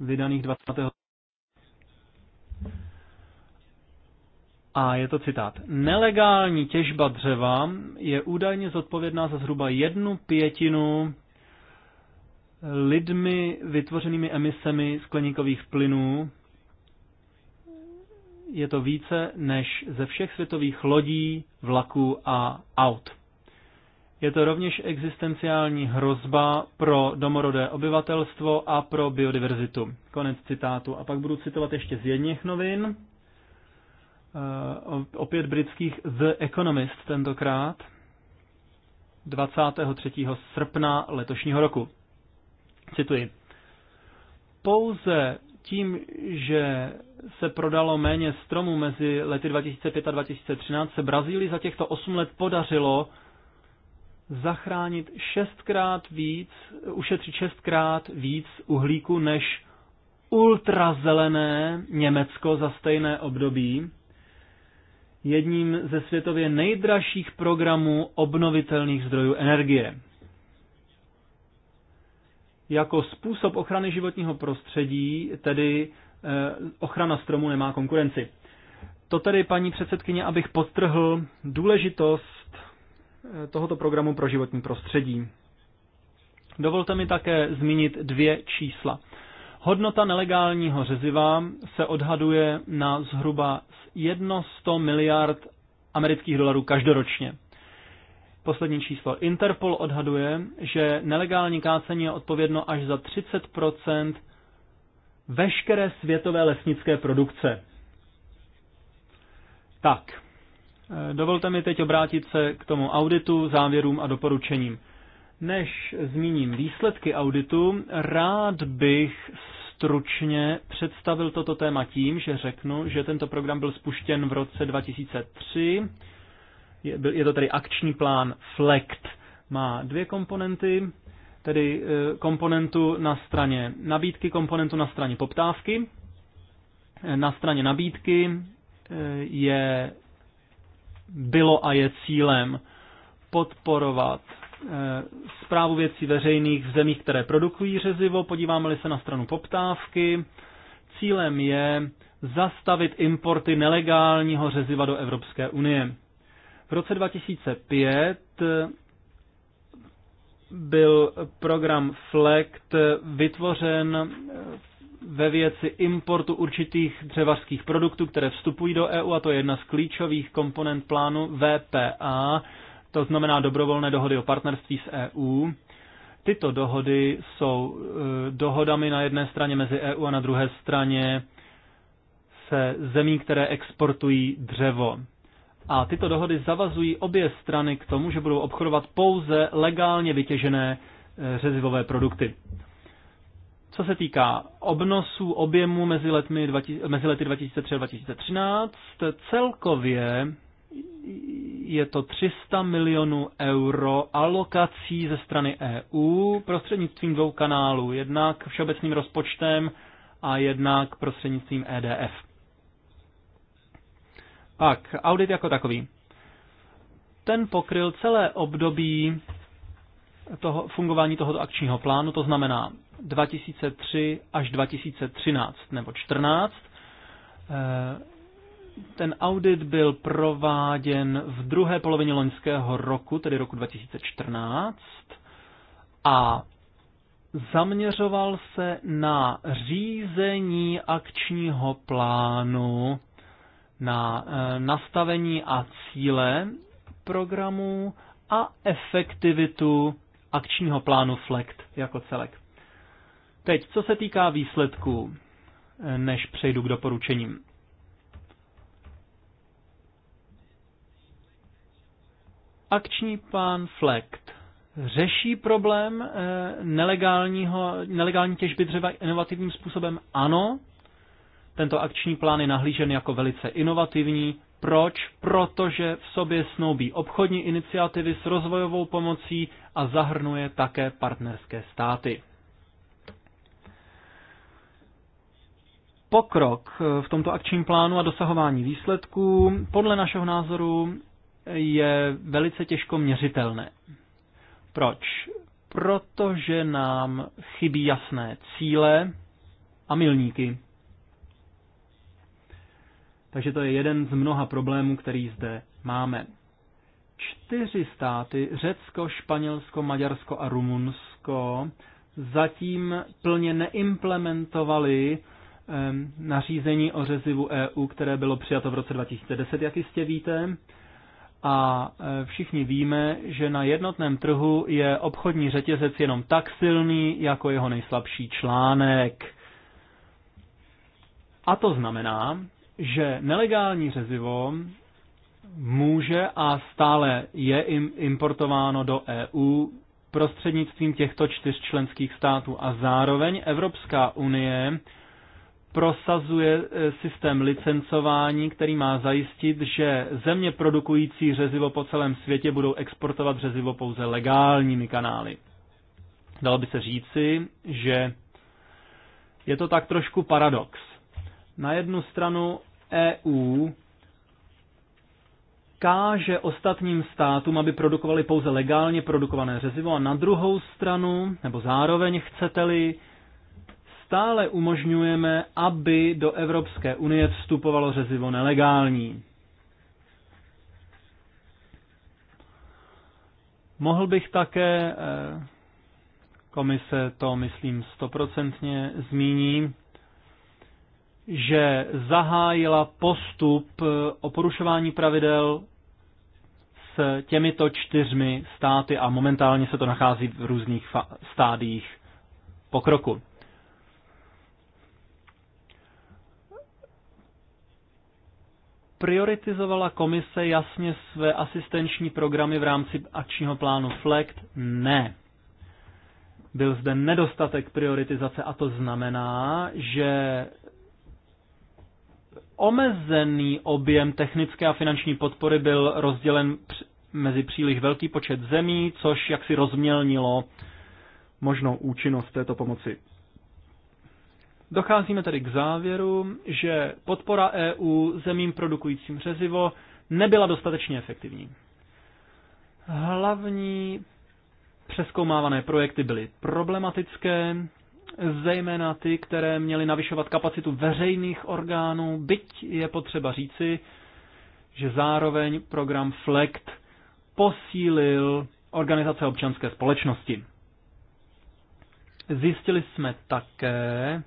vydaných 20. A je to citát. Nelegální těžba dřeva je údajně zodpovědná za zhruba jednu pětinu lidmi vytvořenými emisemi skleníkových plynů. Je to více než ze všech světových lodí, vlaků a aut. Je to rovněž existenciální hrozba pro domorodé obyvatelstvo a pro biodiverzitu. Konec citátu. A pak budu citovat ještě z jedných novin, eh, opět britských The Economist tentokrát, 23. srpna letošního roku. Cituji. Pouze tím, že se prodalo méně stromů mezi lety 2005 a 2013, se Brazílii za těchto 8 let podařilo zachránit šestkrát víc, ušetřit šestkrát víc uhlíku než ultrazelené Německo za stejné období, jedním ze světově nejdražších programů obnovitelných zdrojů energie. Jako způsob ochrany životního prostředí, tedy eh, ochrana stromu nemá konkurenci. To tedy, paní předsedkyně, abych podtrhl důležitost tohoto programu pro životní prostředí. Dovolte mi také zmínit dvě čísla. Hodnota nelegálního řeziva se odhaduje na zhruba 100 miliard amerických dolarů každoročně. Poslední číslo. Interpol odhaduje, že nelegální kácení je odpovědno až za 30 veškeré světové lesnické produkce. Tak, Dovolte mi teď obrátit se k tomu auditu, závěrům a doporučením. Než zmíním výsledky auditu, rád bych stručně představil toto téma tím, že řeknu, že tento program byl spuštěn v roce 2003. Je to tedy akční plán FLECT. Má dvě komponenty, tedy eh, komponentu na straně nabídky, komponentu na straně poptávky. Eh, na straně nabídky eh, je bylo a je cílem podporovat zprávu eh, věcí veřejných v zemích, které produkují řezivo. Podíváme-li se na stranu poptávky, cílem je zastavit importy nelegálního řeziva do Evropské unie. V roce 2005 eh, byl program FLECT vytvořen eh, ve věci importu určitých dřevařských produktů, které vstupují do EU, a to je jedna z klíčových komponent plánu VPA, to znamená dobrovolné dohody o partnerství s EU. Tyto dohody jsou eh, dohodami na jedné straně mezi EU a na druhé straně se zemí, které exportují dřevo. A tyto dohody zavazují obě strany k tomu, že budou obchodovat pouze legálně vytěžené eh, řezivové produkty. Co se týká obnosů objemu mezi, letmi, mezi lety 2003 a 2013, celkově je to 300 milionů euro alokací ze strany EU prostřednictvím dvou kanálů, jednak všeobecným rozpočtem a jednak prostřednictvím EDF. Pak audit jako takový. Ten pokryl celé období toho, fungování tohoto akčního plánu, to znamená 2003 až 2013 nebo 14. Eh, ten audit byl prováděn v druhé polovině loňského roku, tedy roku 2014, a zaměřoval se na řízení akčního plánu, na eh, nastavení a cíle programu a efektivitu akčního plánu FLECT jako celek. Teď, co se týká výsledků, eh, než přejdu k doporučením. Akční plán FLECT řeší problém eh, nelegálního, nelegální těžby dřeva inovativním způsobem? Ano. Tento akční plán je nahlížen jako velice inovativní. Proč? Protože v sobě snoubí obchodní iniciativy s rozvojovou pomocí a zahrnuje také partnerské státy. Pokrok eh, v tomto akčním plánu a dosahování výsledků podle našeho názoru je velice těžko měřitelné. Proč? Protože nám chybí jasné cíle a milníky. Takže to je jeden z mnoha problémů, který zde máme. Čtyři státy, Řecko, Španělsko, Maďarsko a Rumunsko, zatím plně neimplementovali nařízení o řezivu EU, které bylo přijato v roce 2010, jak jistě víte. A e, všichni víme, že na jednotném trhu je obchodní řetězec jenom tak silný, jako jeho nejslabší článek. A to znamená, že nelegální řezivo může a stále je importováno do EU prostřednictvím těchto čtyř členských států. A zároveň Evropská unie prosazuje e, systém licencování, který má zajistit, že země produkující řezivo po celém světě budou exportovat řezivo pouze legálními kanály. Dalo by se říci, že je to tak trošku paradox. Na jednu stranu EU káže ostatním státům, aby produkovali pouze legálně produkované řezivo a na druhou stranu, nebo zároveň chcete-li, stále umožňujeme, aby do Evropské unie vstupovalo řezivo nelegální. Mohl bych také, eh, komise to myslím stoprocentně zmíní, že zahájila postup eh, o porušování pravidel s těmito čtyřmi státy a momentálně se to nachází v různých stádiích pokroku. Prioritizovala komise jasně své asistenční programy v rámci akčního plánu FLECT? Ne. Byl zde nedostatek prioritizace a to znamená, že omezený objem technické a finanční podpory byl rozdělen mezi příliš velký počet zemí, což jaksi rozmělnilo možnou účinnost této pomoci. Docházíme tedy k závěru, že podpora EU zemím produkujícím řezivo nebyla dostatečně efektivní. Hlavní přeskoumávané projekty byly problematické, zejména ty, které měly navyšovat kapacitu veřejných orgánů, byť je potřeba říci, že zároveň program FLECT posílil organizace občanské společnosti. Zjistili jsme také,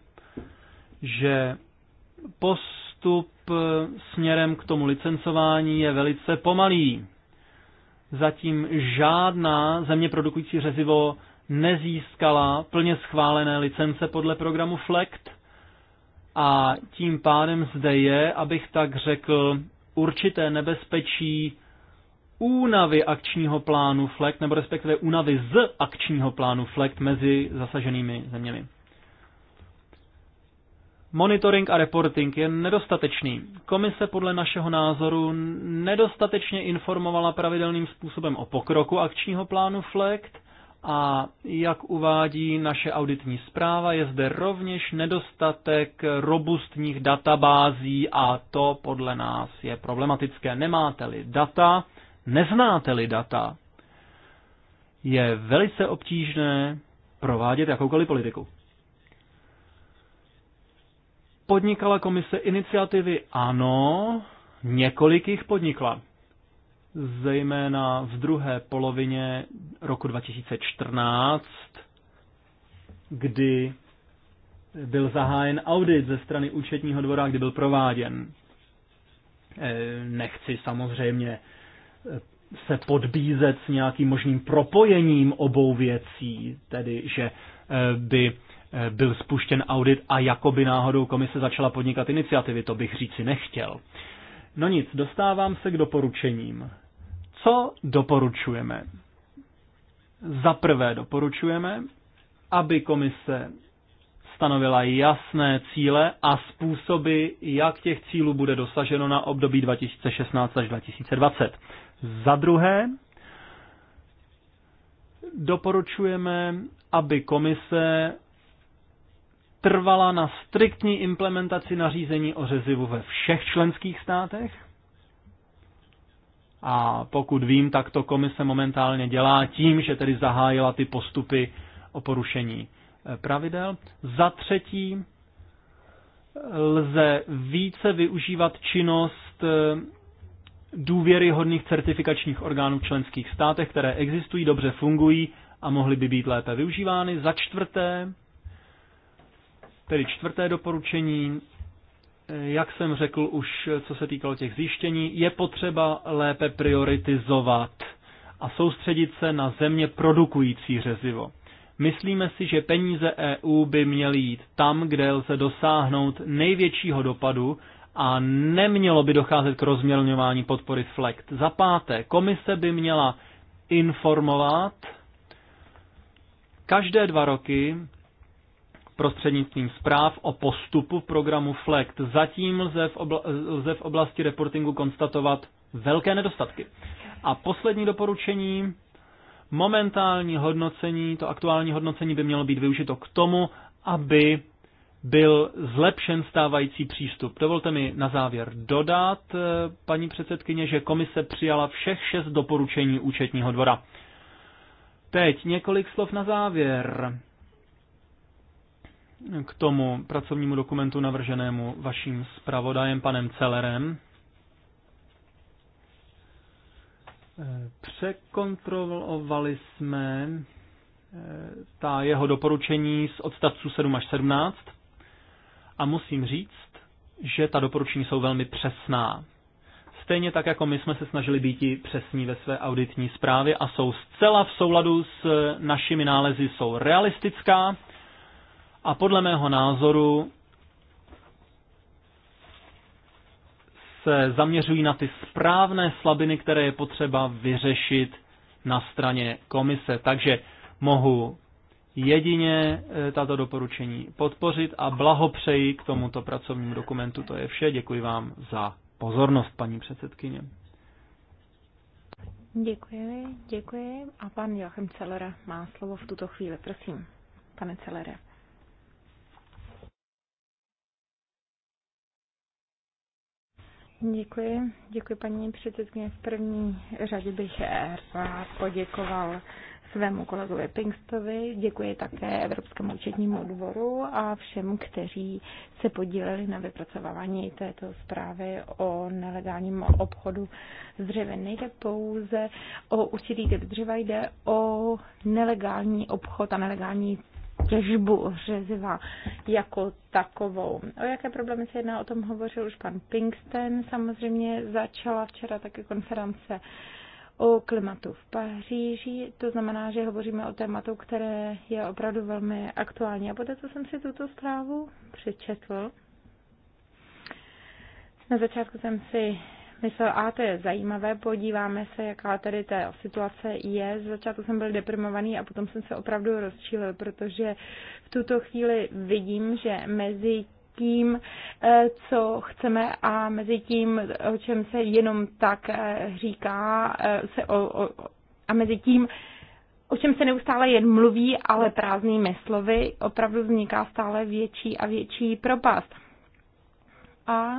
že postup směrem k tomu licencování je velice pomalý. Zatím žádná země produkující řezivo nezískala plně schválené licence podle programu FLECT a tím pádem zde je, abych tak řekl, určité nebezpečí únavy akčního plánu FLECT, nebo respektive únavy z akčního plánu FLECT mezi zasaženými zeměmi. Monitoring a reporting je nedostatečný. Komise podle našeho názoru nedostatečně informovala pravidelným způsobem o pokroku akčního plánu FLECT a jak uvádí naše auditní zpráva, je zde rovněž nedostatek robustních databází a to podle nás je problematické. Nemáte-li data, neznáte-li data, je velice obtížné provádět jakoukoliv politiku. Podnikala komise iniciativy? Ano, několik jich podnikla. Zejména v druhé polovině roku 2014, kdy byl zahájen audit ze strany účetního dvora, kdy byl prováděn. Eh, nechci samozřejmě eh, se podbízet s nějakým možným propojením obou věcí, tedy že eh, by byl spuštěn audit a jakoby náhodou komise začala podnikat iniciativy, to bych říci nechtěl. No nic, dostávám se k doporučením. Co doporučujeme? Za prvé doporučujeme, aby komise stanovila jasné cíle a způsoby, jak těch cílů bude dosaženo na období 2016 až 2020. Za druhé, doporučujeme, aby komise trvala na striktní implementaci nařízení o řezivu ve všech členských státech. A pokud vím, tak to komise momentálně dělá tím, že tedy zahájila ty postupy o porušení eh, pravidel. Za třetí lze více využívat činnost eh, důvěryhodných certifikačních orgánů v členských státech, které existují, dobře fungují a mohly by být lépe využívány. Za čtvrté, Tedy čtvrté doporučení, eh, jak jsem řekl už, co se týkalo těch zjištění, je potřeba lépe prioritizovat a soustředit se na země produkující řezivo. Myslíme si, že peníze EU by měly jít tam, kde lze dosáhnout největšího dopadu a nemělo by docházet k rozmělňování podpory z FLECT. Za páté, komise by měla informovat každé dva roky prostřednictvím zpráv o postupu programu FLECT. Zatím lze v, obla- lze v oblasti reportingu konstatovat velké nedostatky. A poslední doporučení, momentální hodnocení, to aktuální hodnocení by mělo být využito k tomu, aby byl zlepšen stávající přístup. Dovolte mi na závěr dodat, eh, paní předsedkyně, že komise přijala všech šest doporučení účetního dvora. Teď několik slov na závěr k tomu pracovnímu dokumentu navrženému vaším zpravodajem, panem Celerem. Překontrolovali jsme eh, ta jeho doporučení z odstavců 7 až 17 a musím říct, že ta doporučení jsou velmi přesná. Stejně tak, jako my jsme se snažili být i přesní ve své auditní zprávě a jsou zcela v souladu s našimi nálezy, jsou realistická, a podle mého názoru se zaměřují na ty správné slabiny, které je potřeba vyřešit na straně komise. Takže mohu jedině eh, tato doporučení podpořit a blahopřeji k tomuto pracovnímu dokumentu. To je vše. Děkuji vám za pozornost, paní předsedkyně. Děkuji, děkuji. A pan Joachim Celera má slovo v tuto chvíli, prosím. Pane Celere. Děkuji. Děkuji paní předsedkyně. V první řadě bych rád poděkoval svému kolegovi Pinkstovi, děkuji také Evropskému účetnímu dvoru a všem, kteří se podíleli na vypracování této zprávy o nelegálním obchodu s dřevem. Nejde pouze o určitý typ dřeva, jde o nelegální obchod a nelegální těžbu řeziva jako takovou. O jaké problémy se jedná, o tom hovořil už pan Pinkston. Samozřejmě začala včera také konference o klimatu v Paříži. To znamená, že hovoříme o tématu, které je opravdu velmi aktuální. A poté, co jsem si tuto zprávu přečetl, na začátku jsem si myslel, A to je zajímavé, podíváme se, jaká tady ta situace je. Z začátku jsem byl deprimovaný a potom jsem se opravdu rozčílil, protože v tuto chvíli vidím, že mezi tím, eh, co chceme a mezi tím, o čem se jenom tak eh, říká, eh, se o, o, a mezi tím, o čem se neustále jen mluví, ale prázdnými slovy, opravdu vzniká stále větší a větší propast. A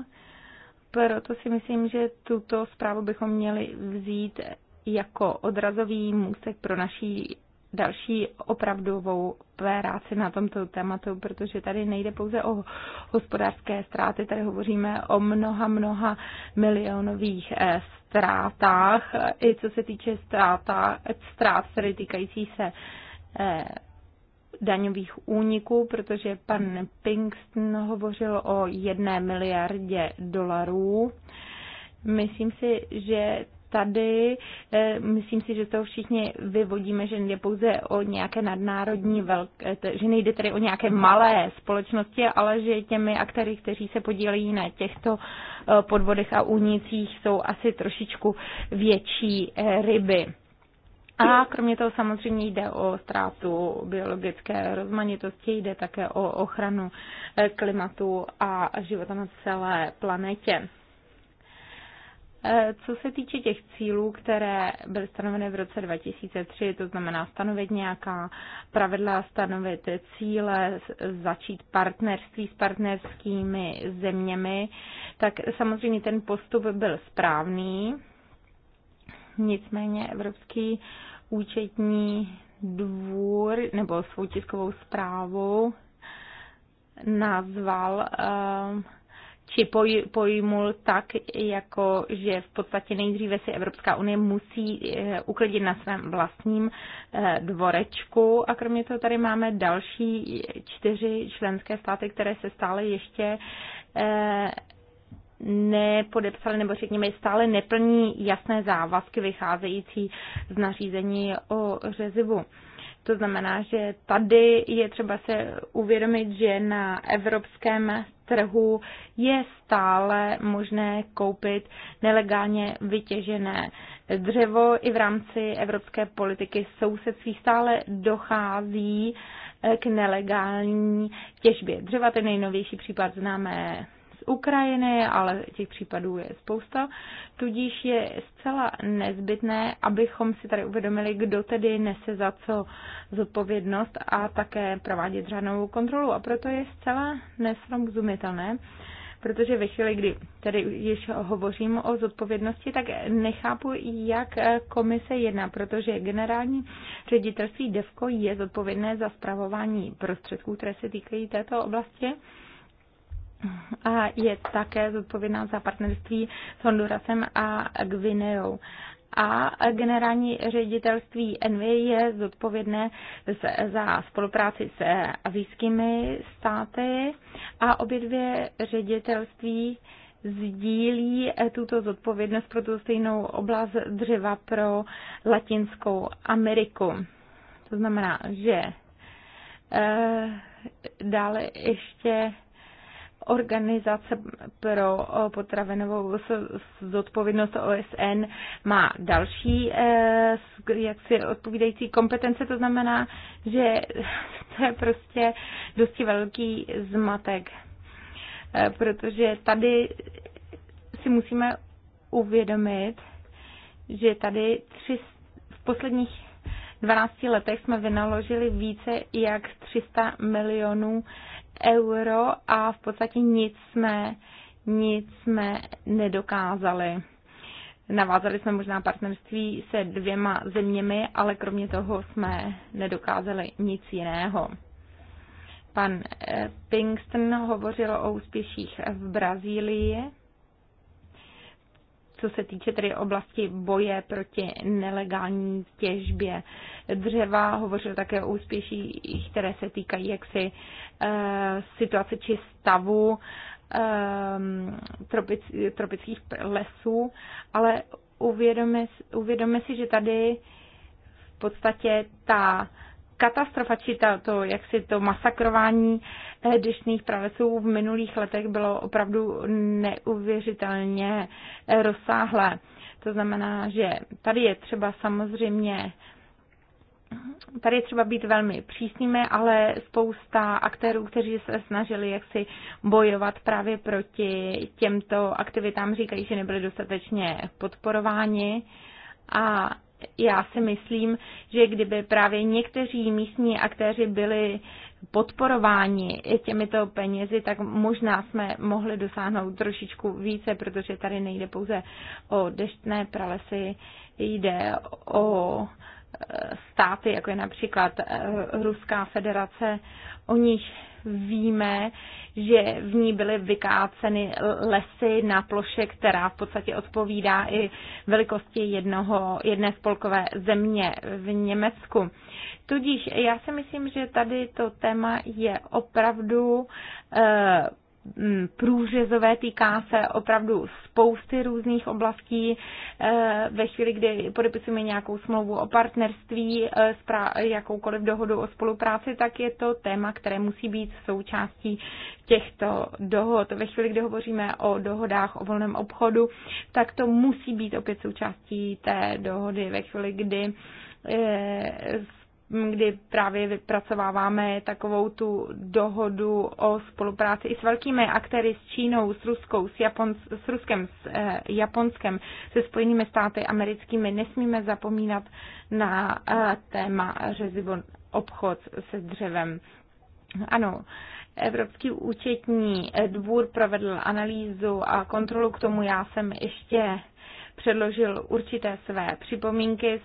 proto si myslím, že tuto zprávu bychom měli vzít jako odrazový můstek pro naší další opravdovou práci na tomto tématu, protože tady nejde pouze o hospodářské ztráty, tady hovoříme o mnoha, mnoha milionových eh, ztrátách, i co se týče ztráta, ztrát, tedy týkající se eh, daňových úniků, protože pan Pinkston hovořil o jedné miliardě dolarů. Myslím si, že tady, eh, myslím si, že to všichni vyvodíme, že nejde pouze o nějaké nadnárodní velké, eh, že nejde tedy o nějaké malé společnosti, ale že těmi aktéry, kteří se podílejí na těchto eh, podvodech a únicích, jsou asi trošičku větší ryby. A kromě toho samozřejmě jde o ztrátu biologické rozmanitosti, jde také o ochranu eh, klimatu a života na celé planetě. Eh, co se týče těch cílů, které byly stanoveny v roce 2003, to znamená stanovit nějaká pravidla, stanovit cíle, začít partnerství s partnerskými zeměmi, tak samozřejmě ten postup byl správný. Nicméně Evropský účetní dvůr nebo svou tiskovou zprávou nazval ehm, či poj, pojmul tak, jako že v podstatě nejdříve si Evropská unie musí eh, uklidit na svém vlastním eh, dvorečku. A kromě toho tady máme další čtyři členské státy, které se stále ještě eh, nepodepsali nebo řekněme stále neplní jasné závazky vycházející z nařízení o řezivu. To znamená, že tady je třeba se uvědomit, že na evropském trhu je stále možné koupit nelegálně vytěžené dřevo. I v rámci evropské politiky sousedství stále dochází eh, k nelegální těžbě dřeva. Ten nejnovější případ známe Ukrajiny, ale těch případů je spousta. Tudíž je zcela nezbytné, abychom si tady uvědomili, kdo tedy nese za co zodpovědnost a také provádět řádnou kontrolu. A proto je zcela nesrozumitelné, protože ve chvíli, kdy tady již hovořím o zodpovědnosti, tak nechápu, jak komise jedná, protože generální ředitelství DEVKO je zodpovědné za zpravování prostředků, které se týkají této oblasti a je také zodpovědná za partnerství s Hondurasem a Gvineou a generální ředitelství NV je zodpovědné za spolupráci s azijskými státy a obě dvě ředitelství sdílí tuto zodpovědnost pro tu stejnou oblast dřeva pro Latinskou Ameriku. To znamená, že eh, dále ještě organizace pro eh, potravinovou zodpovědnost OSN má další eh, jaksi odpovídající kompetence, to znamená, že to je prostě dosti velký zmatek, eh, protože tady si musíme uvědomit, že tady tři, v posledních 12 letech jsme vynaložili více jak 300 milionů euro a v podstatě nic jsme, nic jsme nedokázali. Navázali jsme možná partnerství se dvěma zeměmi, ale kromě toho jsme nedokázali nic jiného. Pan eh, Pinkston hovořil o úspěších v Brazílii co se týče tedy oblasti boje proti nelegální těžbě dřeva. Hovořil také o úspěších, které se týkají jaksi eh, situace či stavu eh, tropic, tropických lesů, ale uvědomme, uvědomme si, že tady v podstatě ta katastrofa či ta, to, jak si to masakrování eh, dešných pralesů v minulých letech bylo opravdu neuvěřitelně eh, rozsáhlé. To znamená, že tady je třeba samozřejmě Tady je třeba být velmi přísnými, ale spousta aktérů, kteří se snažili jaksi bojovat právě proti těmto aktivitám, říkají, že nebyly dostatečně podporováni. A já si myslím, že kdyby právě někteří místní aktéři byli podporováni těmito penězi, tak možná jsme mohli dosáhnout trošičku více, protože tady nejde pouze o deštné pralesy, jde o e, státy, jako je například e, Ruská federace, o níž víme, že v ní byly vykáceny lesy na ploše, která v podstatě odpovídá i velikosti jednoho, jedné spolkové země v Německu. Tudíž já si myslím, že tady to téma je opravdu eh, Mm, průřezové, týká se opravdu spousty různých oblastí. Eh, ve chvíli, kdy podepisujeme nějakou smlouvu o partnerství, eh, jakoukoliv dohodu o spolupráci, tak je to téma, které musí být součástí těchto dohod. Ve chvíli, kdy hovoříme o dohodách o volném obchodu, tak to musí být opět součástí té dohody. Ve chvíli, kdy eh, kdy právě vypracováváme takovou tu dohodu o spolupráci i s velkými aktéry s Čínou, s Ruskou, s, Japon, s Ruskem, s eh, Japonskem, se Spojenými státy americkými. Nesmíme zapomínat na eh, téma řezivo obchod se dřevem. Ano, Evropský účetní eh, dvůr provedl analýzu a kontrolu, k tomu já jsem ještě předložil určité své připomínky,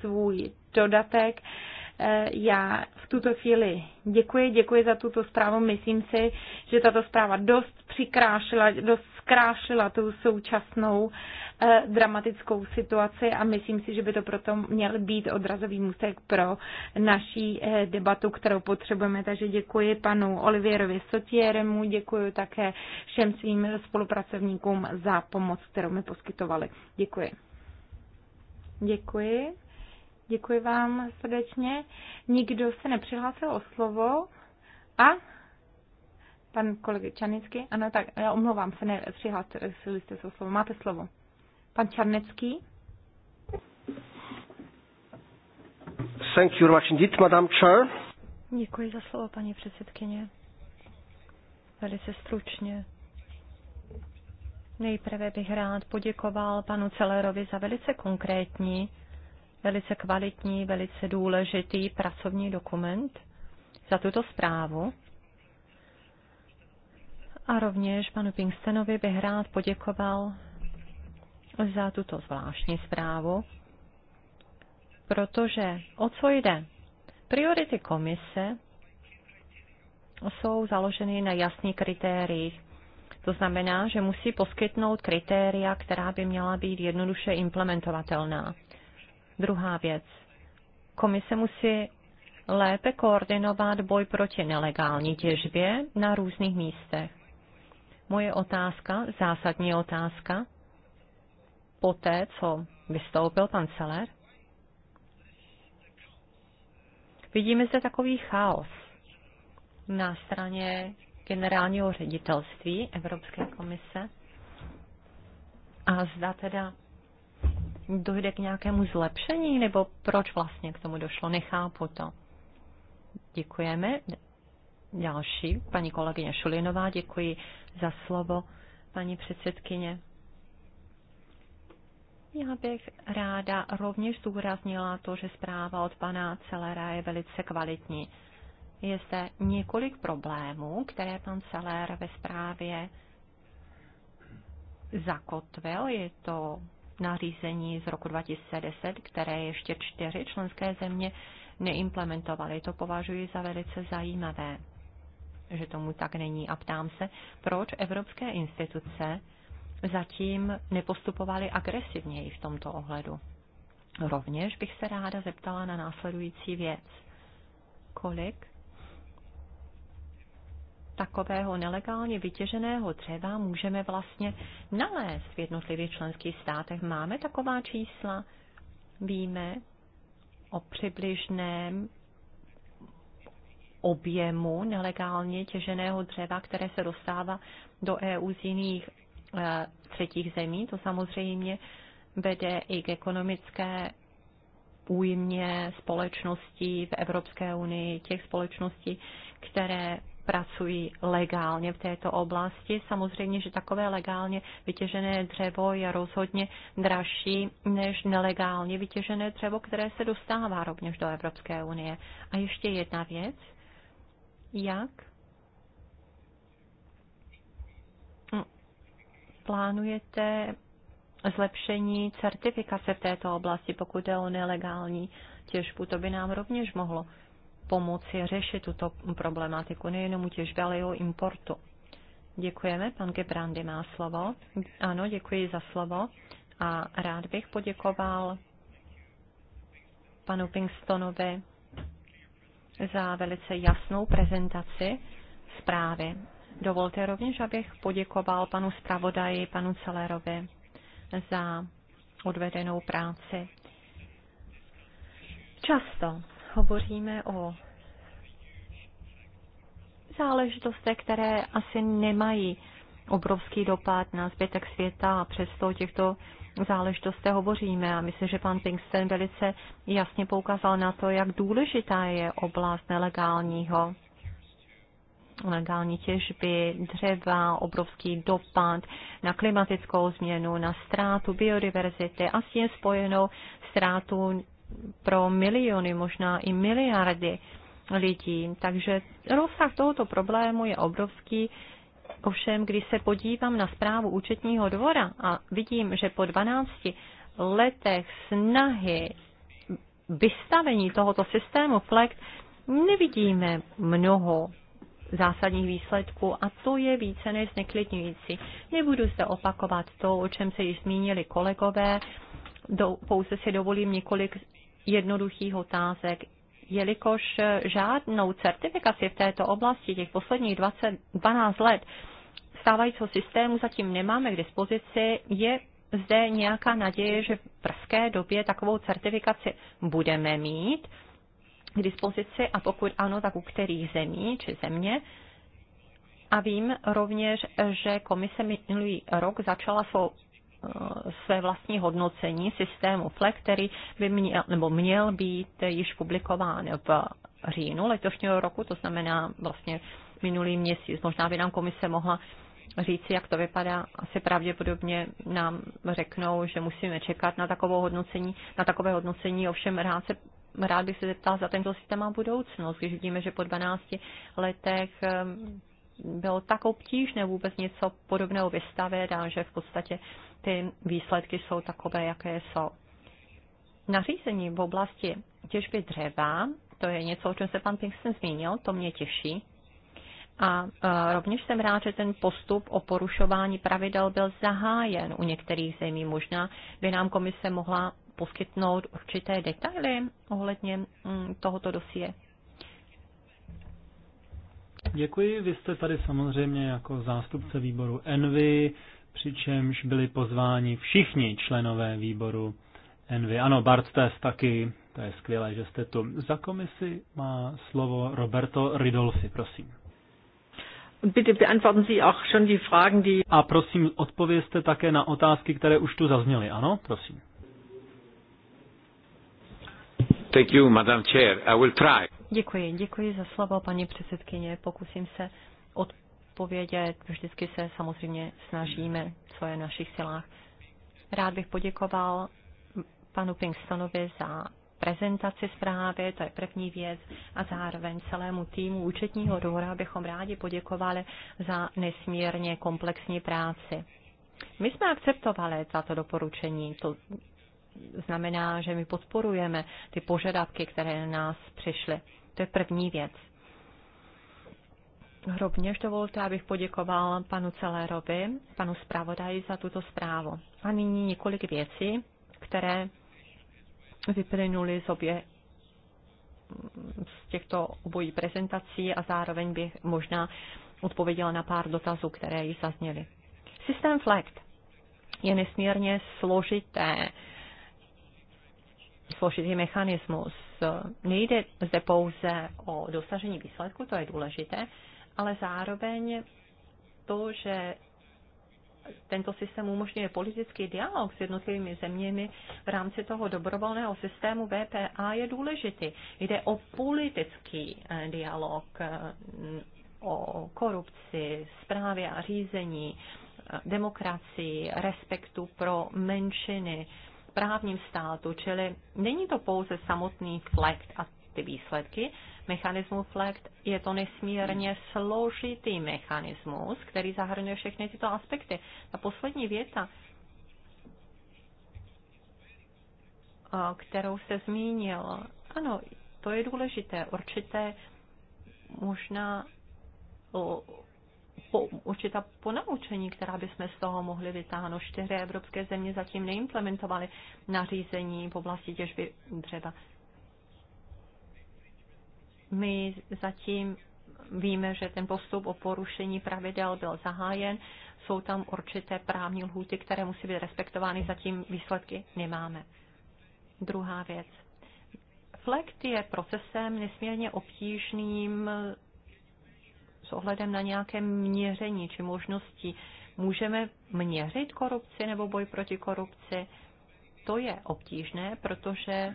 svůj dodatek. Eh, Eh, já v tuto chvíli děkuji, děkuji za tuto zprávu. Myslím si, že tato zpráva dost přikrášila, dost zkrášila tu současnou eh, dramatickou situaci a myslím si, že by to proto měl být odrazový můstek pro naší eh, debatu, kterou potřebujeme. Takže děkuji panu Olivierovi Sotieremu, děkuji také všem svým spolupracovníkům za pomoc, kterou mi poskytovali. Děkuji. Děkuji. Děkuji vám srdečně. Nikdo se nepřihlásil o slovo. A pan kolega Čarnický? Ano, tak já omlouvám se, nepřihlásili jste se o slovo. Máte slovo. Pan Čarnecký? Thank you much indeed, Madam Chair. Děkuji za slovo, paní předsedkyně. Velice stručně. Nejprve bych rád poděkoval panu Celerovi za velice konkrétní velice kvalitní, velice důležitý pracovní dokument za tuto zprávu. A rovněž panu Pinkstenovi bych rád poděkoval za tuto zvláštní zprávu, protože o co jde? Priority komise jsou založeny na jasných kritériích. To znamená, že musí poskytnout kritéria, která by měla být jednoduše implementovatelná. Druhá věc. Komise musí lépe koordinovat boj proti nelegální těžbě na různých místech. Moje otázka, zásadní otázka, poté, co vystoupil pan Seller, vidíme zde takový chaos na straně generálního ředitelství Evropské komise. A zda teda dojde k nějakému zlepšení, nebo proč vlastně k tomu došlo? Nechápu to. Děkujeme. Další, paní kolegyně Šulinová, děkuji za slovo, paní předsedkyně. Já bych ráda rovněž zdůraznila to, že zpráva od pana Celera je velice kvalitní. Je zde několik problémů, které pan Celer ve zprávě zakotvil. Je to nařízení z roku 2010, které ještě čtyři členské země neimplementovaly. To považuji za velice zajímavé, že tomu tak není. A ptám se, proč evropské instituce zatím nepostupovaly agresivněji v tomto ohledu. Rovněž bych se ráda zeptala na následující věc. Kolik takového nelegálně vytěženého dřeva můžeme vlastně nalézt v jednotlivých členských státech. Máme taková čísla, víme o přibližném objemu nelegálně těženého dřeva, které se dostává do EU z jiných e, třetích zemí. To samozřejmě vede i k ekonomické újmě společností v Evropské unii, těch společností, které pracují legálně v této oblasti. Samozřejmě, že takové legálně vytěžené dřevo je rozhodně dražší než nelegálně vytěžené dřevo, které se dostává rovněž do Evropské unie. A ještě jedna věc. Jak plánujete zlepšení certifikace v této oblasti, pokud je o nelegální těžbu? To by nám rovněž mohlo pomoci řešit tuto problematiku, nejenom u těžby, ale i u importu. Děkujeme. Pan Gebrandy má slovo. Ano, děkuji za slovo. A rád bych poděkoval panu Pinkstonovi za velice jasnou prezentaci zprávy. Dovolte rovněž, abych poděkoval panu zpravodaji, panu Celerovi za odvedenou práci. Často hovoříme o záležitostech, které asi nemají obrovský dopad na zbytek světa a přesto o těchto záležitostech hovoříme. A myslím, že pan Pinkston velice jasně poukázal na to, jak důležitá je oblast nelegálního legální těžby, dřeva, obrovský dopad na klimatickou změnu, na ztrátu biodiverzity a s tím spojenou ztrátu pro miliony, možná i miliardy lidí. Takže rozsah tohoto problému je obrovský. Ovšem, když se podívám na zprávu účetního dvora a vidím, že po 12 letech snahy vystavení tohoto systému FLECT nevidíme mnoho zásadních výsledků a to je více než zneklidňující. Nebudu se opakovat to, o čem se již zmínili kolegové, do, pouze si dovolím několik jednoduchých otázek, jelikož žádnou certifikaci v této oblasti těch posledních 20, 12 let stávajícího systému zatím nemáme k dispozici, je zde nějaká naděje, že v brzké době takovou certifikaci budeme mít k dispozici a pokud ano, tak u kterých zemí či země. A vím rovněž, že komise minulý rok začala svou Eh, své vlastní hodnocení systému FLEG, který by měl, nebo měl být již publikován v říjnu letošního roku, to znamená vlastně minulý měsíc. Možná by nám komise mohla říci, jak to vypadá. Asi pravděpodobně nám řeknou, že musíme čekat na takovou hodnocení, na takové hodnocení, ovšem rád se Rád bych se zeptal, za tento systém a budoucnost, když vidíme, že po 12 letech eh, bylo tak obtížné vůbec něco podobného vystavit a že v podstatě uh, ty výsledky jsou takové, jaké jsou. Nařízení v oblasti těžby dřeva, to je něco, o čem se pan Pinkston zmínil, to mě těší. A e, rovněž jsem rád, že ten postup o porušování pravidel byl zahájen u některých zemí. Možná by nám komise mohla poskytnout určité detaily ohledně mm, tohoto dosie. Děkuji, vy jste tady samozřejmě jako zástupce výboru Envy, přičemž byli pozváni všichni členové výboru Envy. Ano, Bart Tess taky, to je skvělé, že jste tu. Za komisi má slovo Roberto Ridolfi, prosím. A prosím, odpovězte také na otázky, které už tu zazněly. Ano, prosím. Thank you, Madam Chair. I will try. Děkuji, děkuji za slovo, paní předsedkyně. Pokusím se odpovědět odpovědět. Vždycky se samozřejmě snažíme, co je v našich silách. Rád bych poděkoval panu Pinkstonovi za prezentaci zprávy, to je první věc, a zároveň celému týmu účetního dvora bychom rádi poděkovali za nesmírně komplexní práci. My jsme akceptovali tato doporučení, to znamená, že my podporujeme ty požadavky, které nás přišly. To je první věc. Rovněž dovolte, abych poděkoval panu Celérovi, panu zpravodaji za tuto zprávu. A nyní několik věcí, které vyplynuly z obě z těchto obojí prezentací a zároveň bych možná odpověděla na pár dotazů, které ji zazněly. Systém FLECT je nesmírně složité, složitý mechanismus. Nejde zde pouze o dosažení výsledku, to je důležité, ale zároveň to, že tento systém umožňuje politický dialog s jednotlivými zeměmi v rámci toho dobrovolného systému VPA je důležitý. Jde o politický eh, dialog, eh, o korupci, zprávě a řízení, eh, demokracii, respektu pro menšiny, právním státu, čili není to pouze samotný flekt a ty výsledky mechanismu FLECT. Je to nesmírně složitý mechanismus, který zahrnuje všechny tyto aspekty. Ta poslední věta, kterou se zmínil, ano, to je důležité. Určité možná po, určitá ponaučení, která bychom z toho mohli vytáhnout. Čtyři evropské země zatím neimplementovaly nařízení v oblasti těžby dřeva. My zatím víme, že ten postup o porušení pravidel byl zahájen. Jsou tam určité právní lhůty, které musí být respektovány, zatím výsledky nemáme. Druhá věc. Flekt je procesem nesmírně obtížným s ohledem na nějaké měření či možnosti. Můžeme měřit korupci nebo boj proti korupci? To je obtížné, protože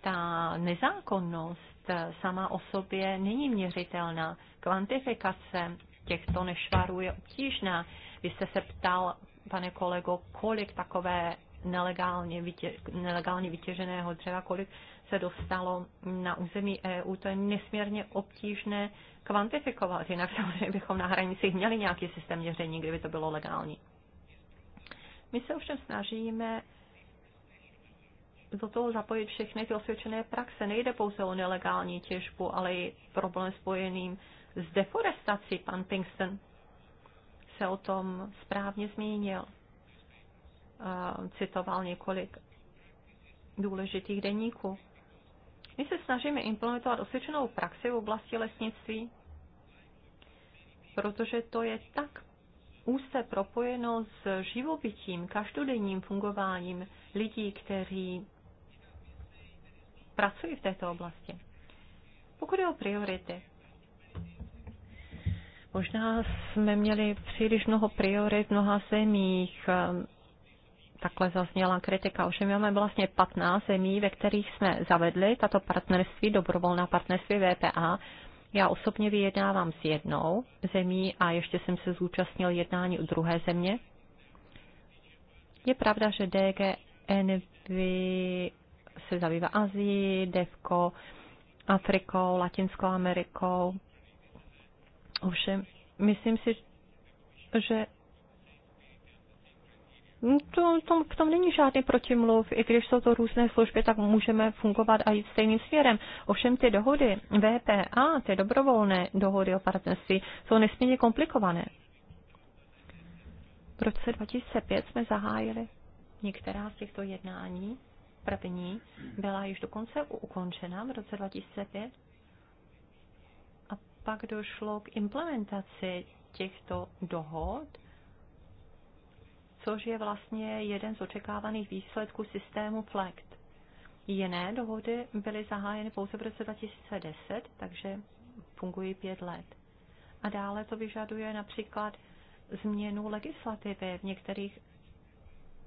ta nezákonnost E, sama o sobě není měřitelná. Kvantifikace těchto nešvarů je obtížná. Vy jste se ptal, pane kolego, kolik takové nelegálně, vytě, nelegálně vytěženého dřeva, kolik se dostalo na území EU. To je nesmírně obtížné kvantifikovat, jinak samozřejmě bychom na hranicích měli nějaký systém měření, kdyby to bylo legální. My se ovšem snažíme do toho zapojit všechny ty osvědčené praxe. Nejde pouze o nelegální těžbu, ale i problém spojeným s deforestací. Pan Pinkston se o tom správně zmínil. Citoval několik důležitých denníků. My se snažíme implementovat osvědčenou praxi v oblasti lesnictví, protože to je tak úzce propojeno s živobytím, každodenním fungováním lidí, kteří Pracuji v této oblasti. Pokud je o priority, možná jsme měli příliš mnoho priorit v mnoha zemích, ehm, takhle zazněla kritika. Už máme vlastně 15 zemí, ve kterých jsme zavedli tato partnerství, dobrovolná partnerství VPA. Já osobně vyjednávám s jednou zemí a ještě jsem se zúčastnil jednání u druhé země. Je pravda, že DG Envy se zabývá Azií, Devko, Afrikou, Latinskou Amerikou. Ovšem, myslím si, že to, to, v tom není žádný protimluv. I když jsou to různé služby, tak můžeme fungovat a jít stejným směrem. Ovšem ty dohody VPA, ty dobrovolné dohody o partnerství, jsou nesmírně komplikované. V roce 2005 jsme zahájili některá z těchto jednání první byla již dokonce ukončena v roce 2005 a pak došlo k implementaci těchto dohod, což je vlastně jeden z očekávaných výsledků systému FLECT. Jiné dohody byly zahájeny pouze v roce 2010, takže fungují pět let. A dále to vyžaduje například změnu legislativy v některých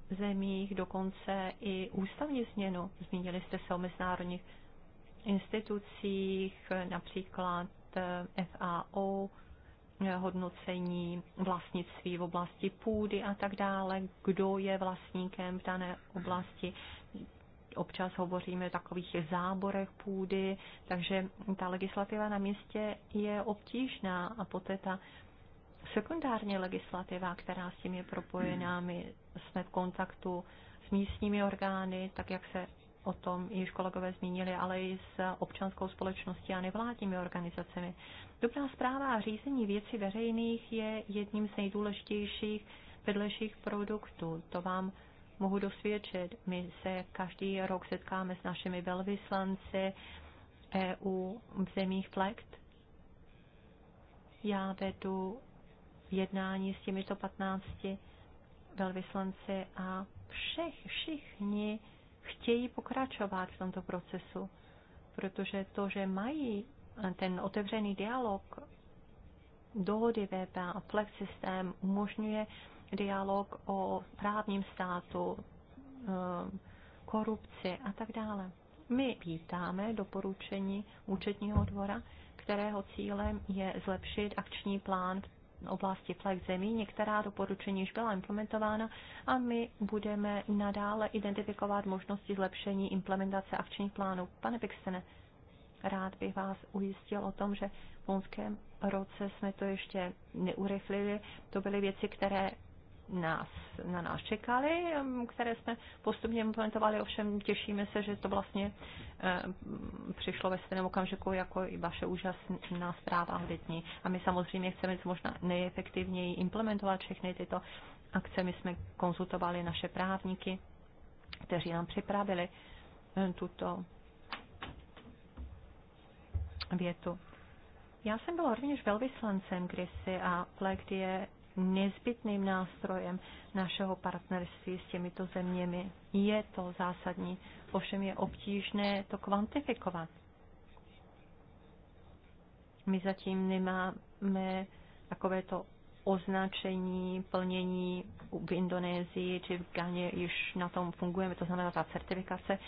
zemích dokonce i ústavní změnu. Zmínili jste se o mezinárodních institucích, například eh, FAO, eh, hodnocení vlastnictví v oblasti půdy a tak dále, kdo je vlastníkem v dané oblasti. Občas hovoříme o takových záborech půdy, takže ta legislativa na místě je obtížná a poté ta sekundární legislativa, která s tím je propojená, my jsme v kontaktu s místními orgány, tak jak se o tom již kolegové zmínili, ale i s občanskou společností a nevládními organizacemi. Dobrá zpráva a řízení věcí veřejných je jedním z nejdůležitějších vedlejších produktů. To vám mohu dosvědčit. My se každý rok setkáme s našimi velvyslanci EU v zemích Plekt. Já vedu jednání s těmito 15 velvyslanci a všech, všichni chtějí pokračovat v tomto procesu, protože to, že mají eh, ten otevřený dialog, dohody VP a flex systém umožňuje dialog o právním státu, eh, korupci a tak dále. My vítáme doporučení účetního dvora, kterého cílem je zlepšit akční plán v oblasti FLEG zemí. Některá doporučení už byla implementována a my budeme nadále identifikovat možnosti zlepšení implementace akčních plánů. Pane Pixene, rád bych vás ujistil o tom, že v loňském roce jsme to ještě neurychlili. To byly věci, které nás, na nás čekaly, um, které jsme postupně implementovali, ovšem těšíme se, že to vlastně eh, přišlo ve stejném okamžiku jako i vaše úžasná zpráva dětní. A my samozřejmě chceme co možná nejefektivněji implementovat všechny tyto akce. My jsme konzultovali naše právníky, kteří nám připravili eh, tuto větu. Já jsem byla rovněž velvyslancem kdysi a Flag je nezbytným nástrojem našeho partnerství s těmito zeměmi. Je to zásadní, ovšem je obtížné to kvantifikovat. My zatím nemáme takovéto označení, plnění v Indonésii či v Ghaně již na tom fungujeme, to znamená, ta certifikace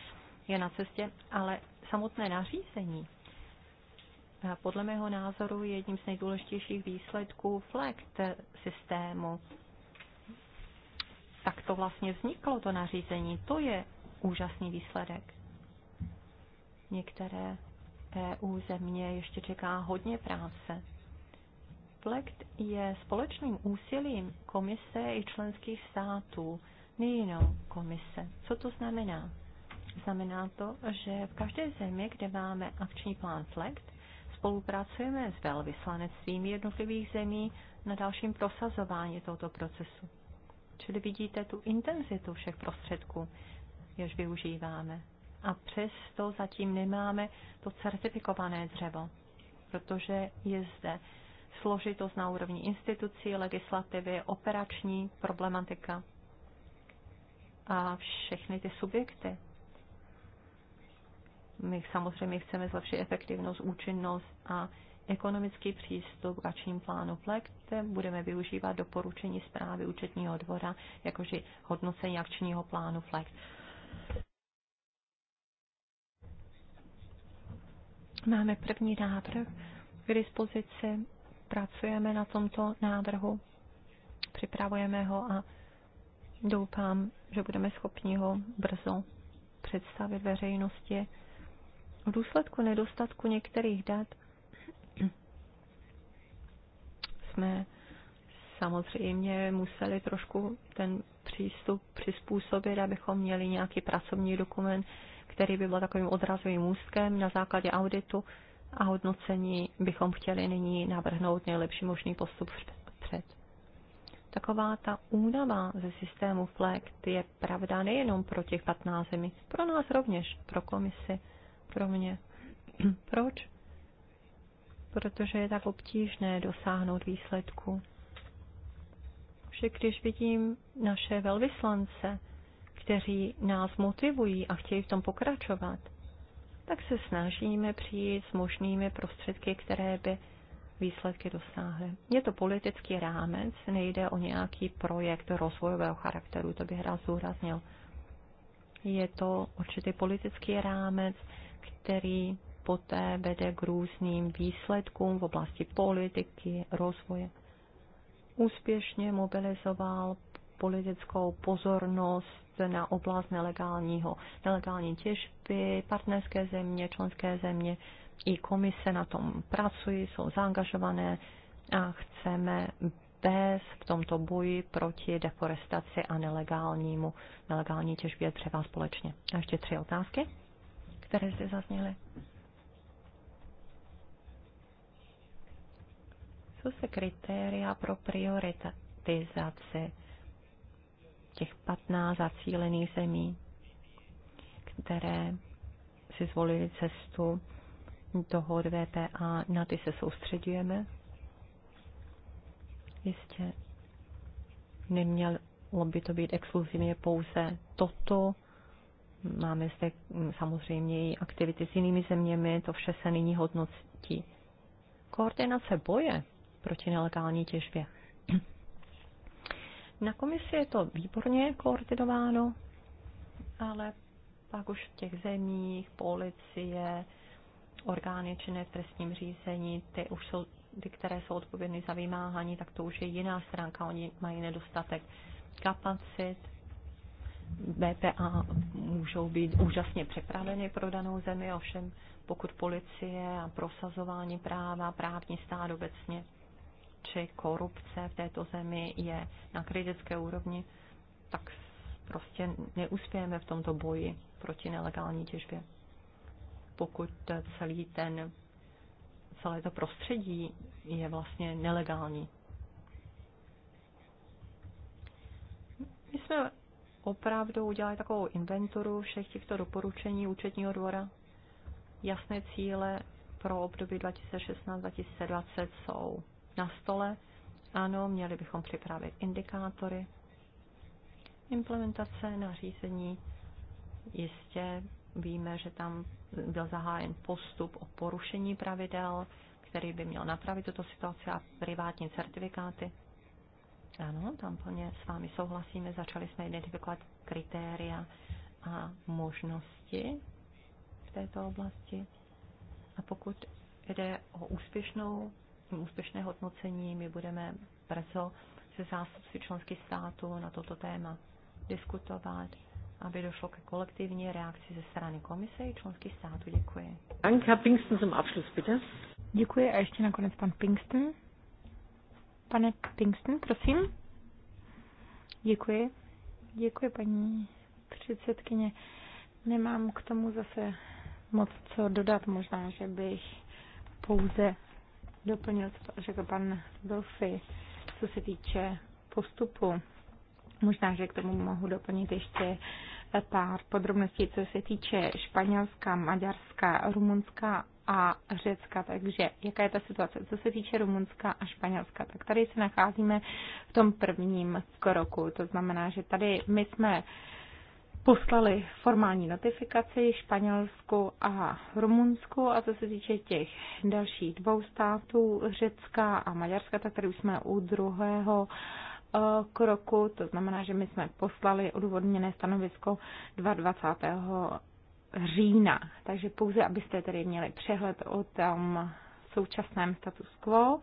je na cestě, ale samotné nařízení podle mého názoru jedním z nejdůležitějších výsledků FLECT systému. Tak to vlastně vzniklo, to nařízení. To je úžasný výsledek. Některé EU země ještě čeká hodně práce. FLECT je společným úsilím komise i členských států, nejenom komise. Co to znamená? Znamená to, že v každé zemi, kde máme akční plán FLECT, spolupracujeme s velvyslanectvím jednotlivých zemí na dalším prosazování tohoto procesu. Čili vidíte tu intenzitu všech prostředků, jež využíváme. A přesto zatím nemáme to certifikované dřevo, protože je zde složitost na úrovni institucí, legislativy, operační problematika a všechny ty subjekty, my samozřejmě chceme zlepšit efektivnost, účinnost a ekonomický přístup k ačním plánu PLEK, budeme využívat doporučení zprávy účetního dvora, jakože hodnocení akčního plánu PLEK. Máme první návrh k dispozici, pracujeme na tomto návrhu, připravujeme ho a doufám, že budeme schopni ho brzo představit veřejnosti v důsledku nedostatku některých dat jsme samozřejmě museli trošku ten přístup přizpůsobit, abychom měli nějaký pracovní dokument, který by byl takovým odrazovým úzkem na základě auditu a hodnocení bychom chtěli nyní navrhnout nejlepší možný postup před. Taková ta únava ze systému FLECT je pravda nejenom pro těch 15 zemí, pro nás rovněž, pro komisi pro mě. Proč? Protože je tak obtížné dosáhnout výsledku. Že když vidím naše velvyslance, kteří nás motivují a chtějí v tom pokračovat, tak se snažíme přijít s možnými prostředky, které by výsledky dosáhly. Je to politický rámec, nejde o nějaký projekt rozvojového charakteru, to bych rád zúraznil. Je to určitý politický rámec, který poté vede k různým výsledkům v oblasti politiky, rozvoje. Úspěšně mobilizoval politickou pozornost na oblast nelegálního, nelegální těžby, partnerské země, členské země i komise na tom pracují, jsou zaangažované a chceme bez v tomto boji proti deforestaci a nelegálnímu, nelegální těžbě třeba společně. A ještě tři otázky které zde zazněly. Co se kritéria pro prioritizaci těch 15 zacílených zemí, které si zvolili cestu toho VPA, na ty se soustředujeme? Jistě nemělo by to být exkluzivně pouze toto Máme zde mm, samozřejmě i aktivity s jinými zeměmi, to vše se nyní hodnotí. Koordinace boje proti nelegální těžbě. Na komisi je to výborně koordinováno, ale pak už v těch zemích, policie, orgány činné v trestním řízení, ty už jsou ty, které jsou odpovědné za vymáhání, tak to už je jiná stránka. Oni mají nedostatek kapacit, BPA můžou být úžasně připraveny pro danou zemi, ovšem pokud policie a prosazování práva, právní stát obecně či korupce v této zemi je na kritické úrovni, tak prostě neuspějeme v tomto boji proti nelegální těžbě. Pokud celý ten, celé to prostředí je vlastně nelegální. My jsme opravdu udělali takovou inventuru všech těchto doporučení účetního dvora. Jasné cíle pro období 2016-2020 jsou na stole. Ano, měli bychom připravit indikátory. Implementace nařízení jistě víme, že tam byl zahájen postup o porušení pravidel, který by měl napravit tuto situaci a privátní certifikáty. Ano, tam plně s vámi souhlasíme. Začali jsme identifikovat kritéria a možnosti v této oblasti. A pokud jde o úspěšnou, úspěšné hodnocení, my budeme brzo se zástupci členských států na toto téma diskutovat, aby došlo ke kolektivní reakci ze strany komise i členských států. Děkuji. Anka Pinkston zum Abschluss, bitte. Děkuji a ještě nakonec pan Pinkston. Pane Pinkston, prosím. Děkuji. Děkuji, paní předsedkyně. Nemám k tomu zase moc co dodat. Možná, že bych pouze doplnil, co řekl pan Dolfy, co se týče postupu. Možná, že k tomu mohu doplnit ještě pár podrobností, co se týče Španělska, Maďarska, Rumunska a Řecka. Takže jaká je ta situace? Co se týče Rumunska a Španělska, tak tady se nacházíme v tom prvním kroku. To znamená, že tady my jsme poslali formální notifikaci Španělsku a Rumunsku a co se týče těch dalších dvou států, Řecka a Maďarska, tak tady už jsme u druhého eh, kroku, to znamená, že my jsme poslali odůvodněné stanovisko 22 října. Takže pouze, abyste tedy měli přehled o tom současném status quo.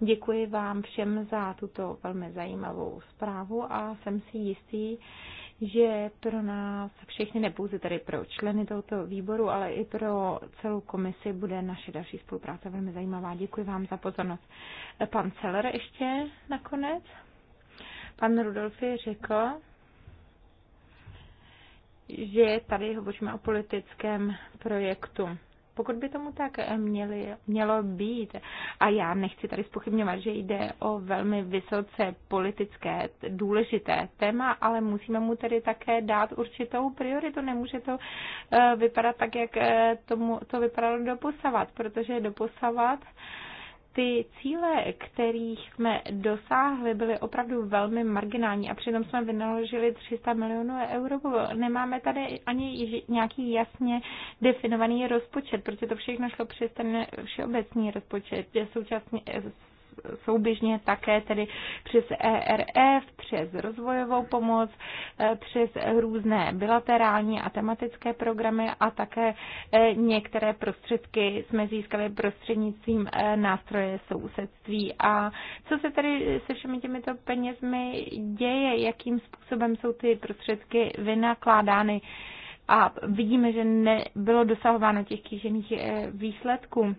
Děkuji vám všem za tuto velmi zajímavou zprávu a jsem si jistý, že pro nás všechny, nepouze tedy pro členy tohoto výboru, ale i pro celou komisi bude naše další spolupráce velmi zajímavá. Děkuji vám za pozornost. Pan Celer ještě nakonec. Pan Rudolfi řekl, že tady hovoříme o politickém projektu. Pokud by tomu tak měli, mělo být, a já nechci tady spochybňovat, že jde o velmi vysoce politické důležité téma, ale musíme mu tedy také dát určitou prioritu. Nemůže to eh, vypadat tak, jak eh, tomu, to vypadalo doposavat, protože doposavat ty cíle, kterých jsme dosáhli, byly opravdu velmi marginální a přitom jsme vynaložili 300 milionů euro. Nemáme tady ani nějaký jasně definovaný rozpočet, protože to všechno šlo přes ten všeobecný rozpočet. Současně souběžně také tedy přes ERF, přes rozvojovou pomoc, eh, přes různé bilaterální a tematické programy a také eh, některé prostředky jsme získali prostřednictvím eh, nástroje sousedství. A co se tedy se všemi těmito penězmi děje, jakým způsobem jsou ty prostředky vynakládány? a vidíme, že nebylo dosahováno těch kýžených eh, výsledků.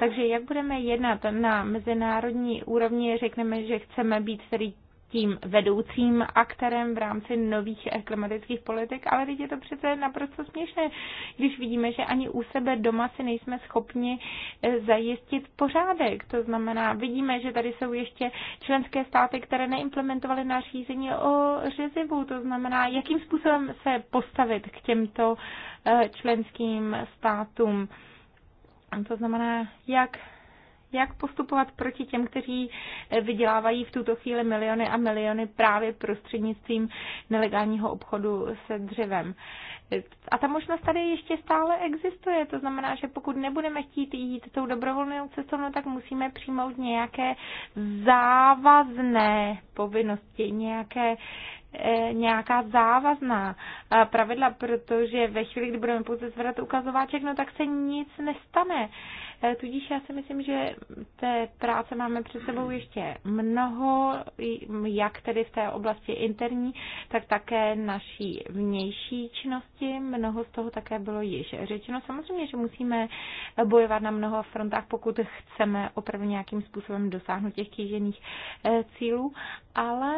Takže jak budeme jednat na mezinárodní úrovni, řekneme, že chceme být tedy tím vedoucím aktorem v rámci nových eh, klimatických politik, ale teď je to přece naprosto směšné, když vidíme, že ani u sebe doma si nejsme schopni eh, zajistit pořádek. To znamená, vidíme, že tady jsou ještě členské státy, které neimplementovaly nařízení o řezivu. To znamená, jakým způsobem se postavit k těmto eh, členským státům. To znamená, jak jak postupovat proti těm, kteří eh, vydělávají v tuto chvíli miliony a miliony právě prostřednictvím nelegálního obchodu se dřevem. Eh, a ta možnost tady ještě stále existuje. To znamená, že pokud nebudeme chtít jít tou dobrovolnou cestou, no, tak musíme přijmout nějaké závazné povinnosti, nějaké E, nějaká závazná e, pravidla, protože ve chvíli, kdy budeme pouze zvedat ukazováček, no tak se nic nestane. E, tudíž já si myslím, že té práce máme před sebou ještě mnoho, jak tedy v té oblasti interní, tak také naší vnější činnosti. Mnoho z toho také bylo již řečeno. Samozřejmě, že musíme bojovat na mnoho frontách, pokud chceme opravdu nějakým způsobem dosáhnout těch kýžených cílů, ale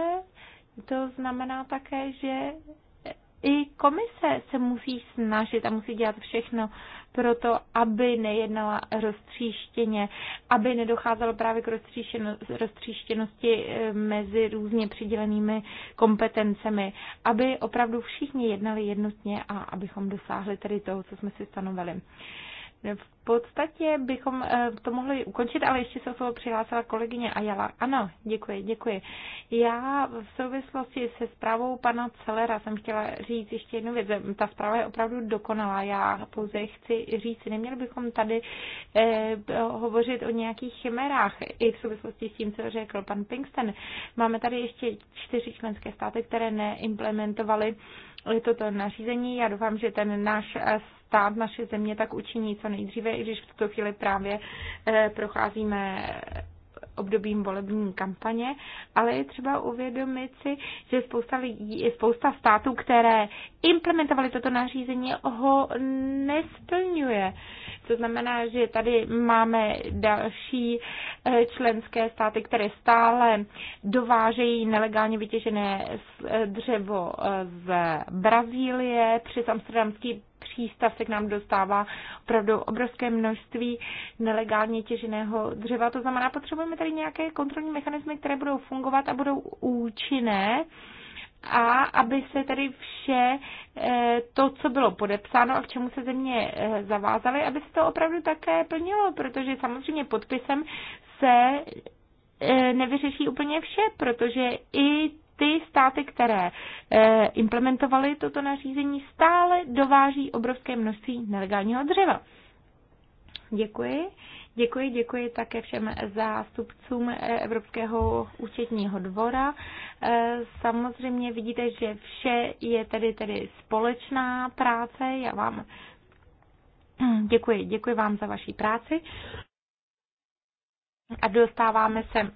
to znamená také, že i komise se musí snažit a musí dělat všechno pro to, aby nejednala roztříštěně, aby nedocházelo právě k roztříštěnosti eh, mezi různě přidělenými kompetencemi, aby opravdu všichni jednali jednotně a abychom dosáhli tedy toho, co jsme si stanovili. V podstatě bychom eh, to mohli ukončit, ale ještě se o slovo přihlásila kolegyně Ajala. Ano, děkuji, děkuji. Já v souvislosti se zprávou pana Celera jsem chtěla říct ještě jednu věc. Ta zpráva je opravdu dokonalá. Já pouze chci říct, neměli bychom tady eh, hovořit o nějakých chimerách i v souvislosti s tím, co řekl pan Pinkston. Máme tady ještě čtyři členské státy, které neimplementovaly toto nařízení. Já doufám, že ten náš stát, naše země tak učiní co nejdříve, i když v tuto chvíli právě eh, procházíme obdobím volební kampaně, ale je třeba uvědomit si, že spousta, lidí, spousta států, které implementovali toto nařízení, ho nesplňuje. To znamená, že tady máme další eh, členské státy, které stále dovážejí nelegálně vytěžené eh, dřevo z Brazílie přes amsterdamský přístav se k nám dostává opravdu obrovské množství nelegálně těženého dřeva. To znamená, potřebujeme tady nějaké kontrolní mechanismy, které budou fungovat a budou účinné a aby se tady vše eh, to, co bylo podepsáno a k čemu se země eh, zavázaly, aby se to opravdu také plnilo, protože samozřejmě podpisem se eh, nevyřeší úplně vše, protože i ty státy, které eh, implementovaly toto nařízení, stále dováží obrovské množství nelegálního dřeva. Děkuji. Děkuji, děkuji také všem zástupcům eh, Evropského účetního dvora. Eh, samozřejmě vidíte, že vše je tedy, tedy společná práce. Já vám děkuji, děkuji vám za vaší práci. A dostáváme se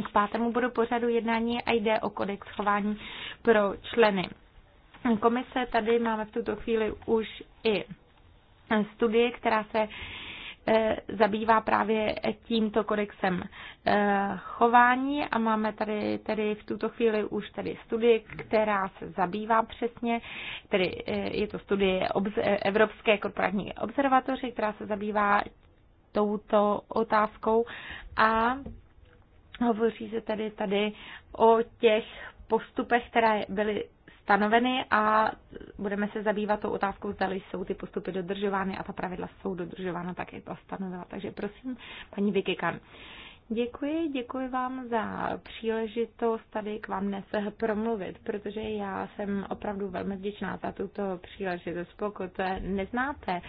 k pátému bodu pořadu jednání a jde o kodex chování pro členy. Komise tady máme v tuto chvíli už i studie, která se e, zabývá právě tímto kodexem e, chování a máme tady, tady v tuto chvíli už tady studie, která se zabývá přesně, tedy e, je to studie Evropské korporátní observatoři, která se zabývá touto otázkou a Hovoří se tady tady o těch postupech, které byly stanoveny a budeme se zabývat tou otázkou, zda jsou ty postupy dodržovány a ta pravidla jsou dodržována tak, je to stanovila. Takže prosím, paní Vikikan. Děkuji, děkuji vám za příležitost tady k vám dnes promluvit, protože já jsem opravdu velmi vděčná za tuto příležitost. Pokud neznáte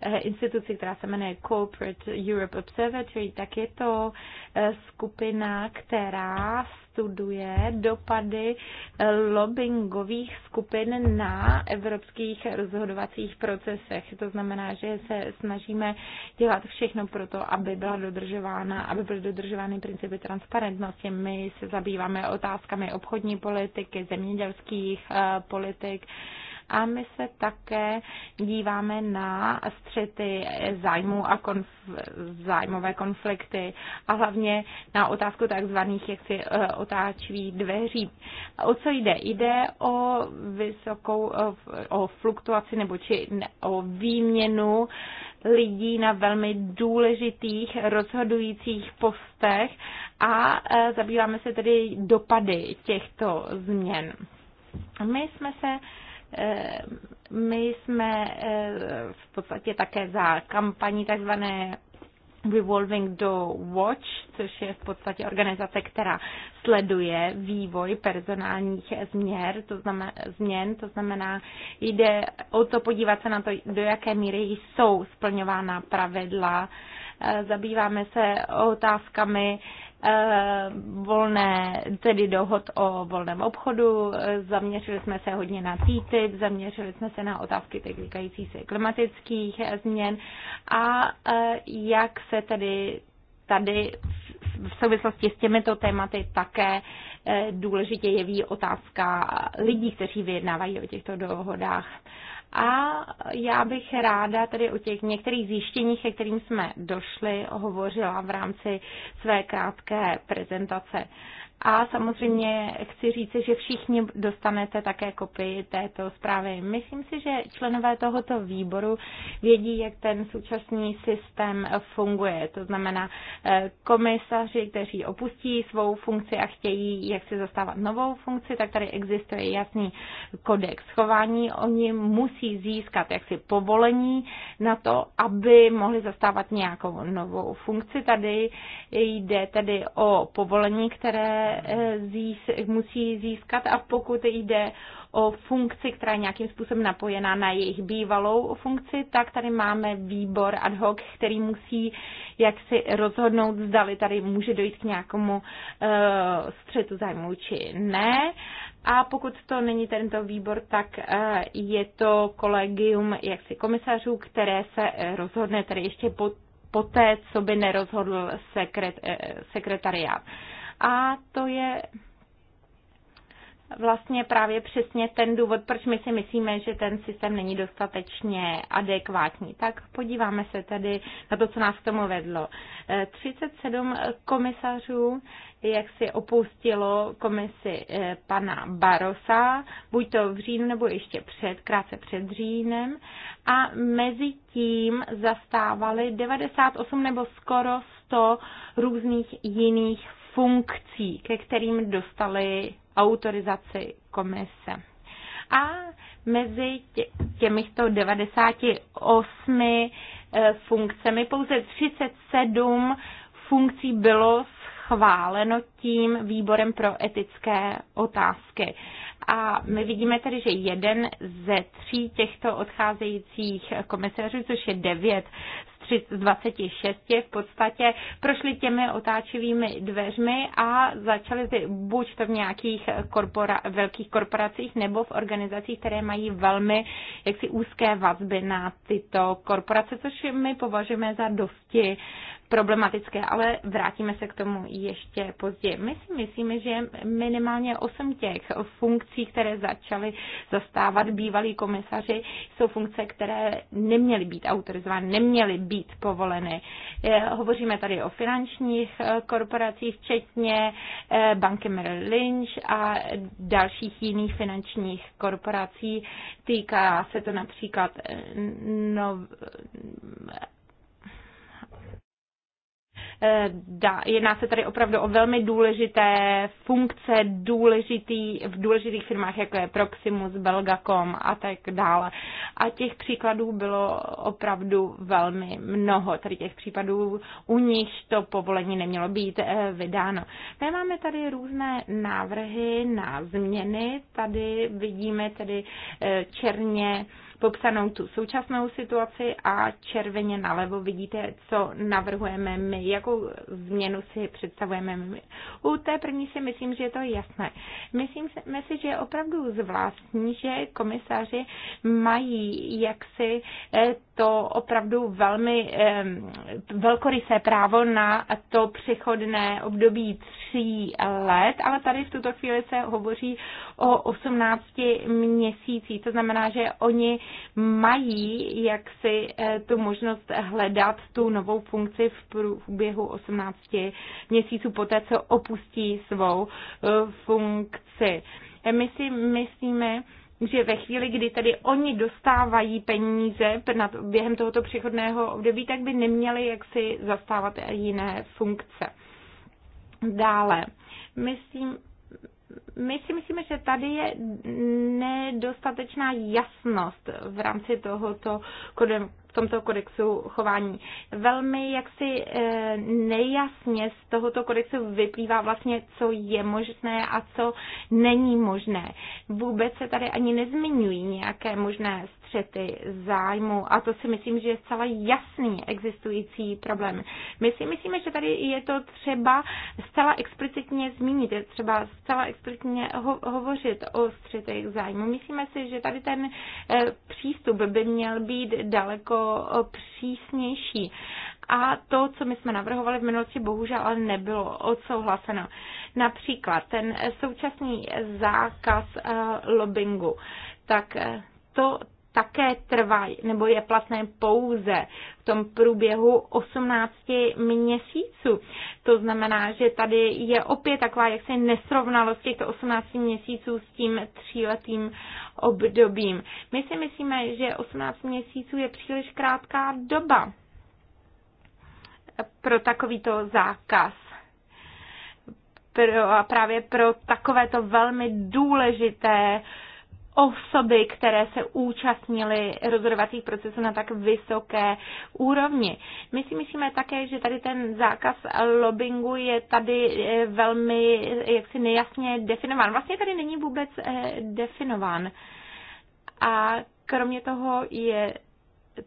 eh, instituci, která se jmenuje Corporate Europe Observatory, tak je to eh, skupina, která studuje dopady eh, lobbyingových skupin na evropských rozhodovacích procesech. To znamená, že se snažíme dělat všechno pro to, aby byla dodržována, aby byly dodržovány principy transparentnosti. My se zabýváme otázkami obchodní politiky, zemědělských eh, politik, a my se také díváme na střety zájmů a konf- zájmové konflikty a hlavně na otázku takzvaných si eh, otáčví dveří. O co jde? Jde o vysokou, eh, o fluktuaci nebo či o výměnu lidí na velmi důležitých rozhodujících postech a eh, zabýváme se tedy dopady těchto změn. My jsme se Eh, my jsme eh, v podstatě také za kampaní takzvané Revolving Door Watch, což je v podstatě organizace, která sleduje vývoj personálních změr, to znamená, změn, to znamená, jde o to podívat se na to, do jaké míry jsou splňována pravidla. Eh, zabýváme se otázkami Eh, volné, tedy dohod o volném obchodu, zaměřili jsme se hodně na TTIP, zaměřili jsme se na otázky týkající se klimatických změn a eh, jak se tedy tady v souvislosti s těmito tématy také eh, důležitě jeví otázka lidí, kteří vyjednávají o těchto dohodách. A já bych ráda tedy o těch některých zjištěních, ke kterým jsme došli, hovořila v rámci své krátké prezentace. A samozřejmě chci říct, že všichni dostanete také kopii této zprávy. Myslím si, že členové tohoto výboru vědí, jak ten současný systém funguje. To znamená eh, komisaři, kteří opustí svou funkci a chtějí, jak si zastávat novou funkci, tak tady existuje jasný kodex chování. Oni musí získat jaksi povolení na to, aby mohli zastávat nějakou novou funkci. Tady jde tedy o povolení, které Eh, zís- musí získat a pokud jde o funkci, která je nějakým způsobem napojená na jejich bývalou funkci, tak tady máme výbor ad hoc, který musí jak si rozhodnout, zdali tady může dojít k nějakému uh, eh, střetu zájmu či ne. A pokud to není tento výbor, tak uh, je to kolegium jaksi komisařů, které se rozhodne tady ještě po, poté, co by nerozhodl sekret, uh, sekretariát. Uh, a to je vlastně právě přesně ten důvod, proč my si myslíme, že ten systém není dostatečně adekvátní. Tak podíváme se tedy na to, co nás k tomu vedlo. 37 eh, komisařů jak si opustilo komisi eh, pana Barosa, buď to v říjnu nebo ještě před, krátce před říjnem, a mezi tím zastávali 98 nebo skoro 100 různých jiných funkcí, ke kterým dostali autorizaci komise. A mezi těmito 98 eh, funkcemi pouze 37 funkcí bylo schváleno tím výborem pro etické otázky. A my vidíme tedy, že jeden ze tří těchto odcházejících komisařů, což je devět, z 26 v podstatě prošli těmi otáčivými dveřmi a začali buď to v nějakých korpora, velkých korporacích nebo v organizacích, které mají velmi jaksi úzké vazby na tyto korporace, což my považujeme za dosti problematické, ale vrátíme se k tomu ještě později. My si myslíme, že minimálně osm těch funkcí, které začaly zastávat bývalí komisaři, jsou funkce, které neměly být autorizovány, neměly být povoleny. Eh, hovoříme tady o finančních eh, korporacích, včetně eh, banky Merrill Lynch a dalších jiných finančních korporací. Týká se to například no, Eh, jedná se tady opravdu o velmi důležité funkce důležitý, v důležitých firmách, jako je Proximus, Belgacom a tak dále. A těch příkladů bylo opravdu velmi mnoho, tady těch případů, u nichž to povolení nemělo být eh, vydáno. My máme tady různé návrhy na změny. Tady vidíme tedy eh, černě popsanou tu současnou situaci a červeně nalevo vidíte, co navrhujeme my, jakou změnu si představujeme my. U té první si myslím, že je to jasné. Myslím si, že je opravdu zvláštní, že komisaři mají jaksi eh, to opravdu velmi velkorysé právo na to přechodné období tří let, ale tady v tuto chvíli se hovoří o 18 měsících. To znamená, že oni mají jaksi eh, tu možnost hledat tu novou funkci v průběhu 18 měsíců poté, co opustí svou eh, funkci. My si myslíme, že ve chvíli, kdy tedy oni dostávají peníze během tohoto přechodného období, tak by neměli jaksi zastávat jiné funkce. Dále, myslím, my si myslíme, že tady je nedostatečná jasnost v rámci tohoto tomto kodexu chování. Velmi jaksi eh, nejasně z tohoto kodexu vyplývá vlastně, co je možné a co není možné. Vůbec se tady ani nezmiňují nějaké možné střety zájmu a to si myslím, že je zcela jasný existující problém. My si myslíme, že tady je to třeba zcela explicitně zmínit, je třeba zcela explicitně hovořit o střetech zájmu. Myslíme si, že tady ten eh, přístup by měl být daleko přísnější. A to, co my jsme navrhovali v minulosti, bohužel ale nebylo odsouhlaseno. Například ten současný zákaz eh, lobbingu, tak eh, to také trvá nebo je platné pouze v tom průběhu 18 měsíců. To znamená, že tady je opět taková jaksi nesrovnalost těchto 18 měsíců s tím tříletým obdobím. My si myslíme, že 18 měsíců je příliš krátká doba pro takovýto zákaz. Pro, a právě pro takovéto velmi důležité uh, osoby, které se účastnily rozhodovacích procesů na tak vysoké úrovni. My si myslíme také, že tady ten zákaz lobbyingu je tady eh, velmi eh, jaksi nejasně definován. Vlastně tady není vůbec eh, definován. A kromě toho je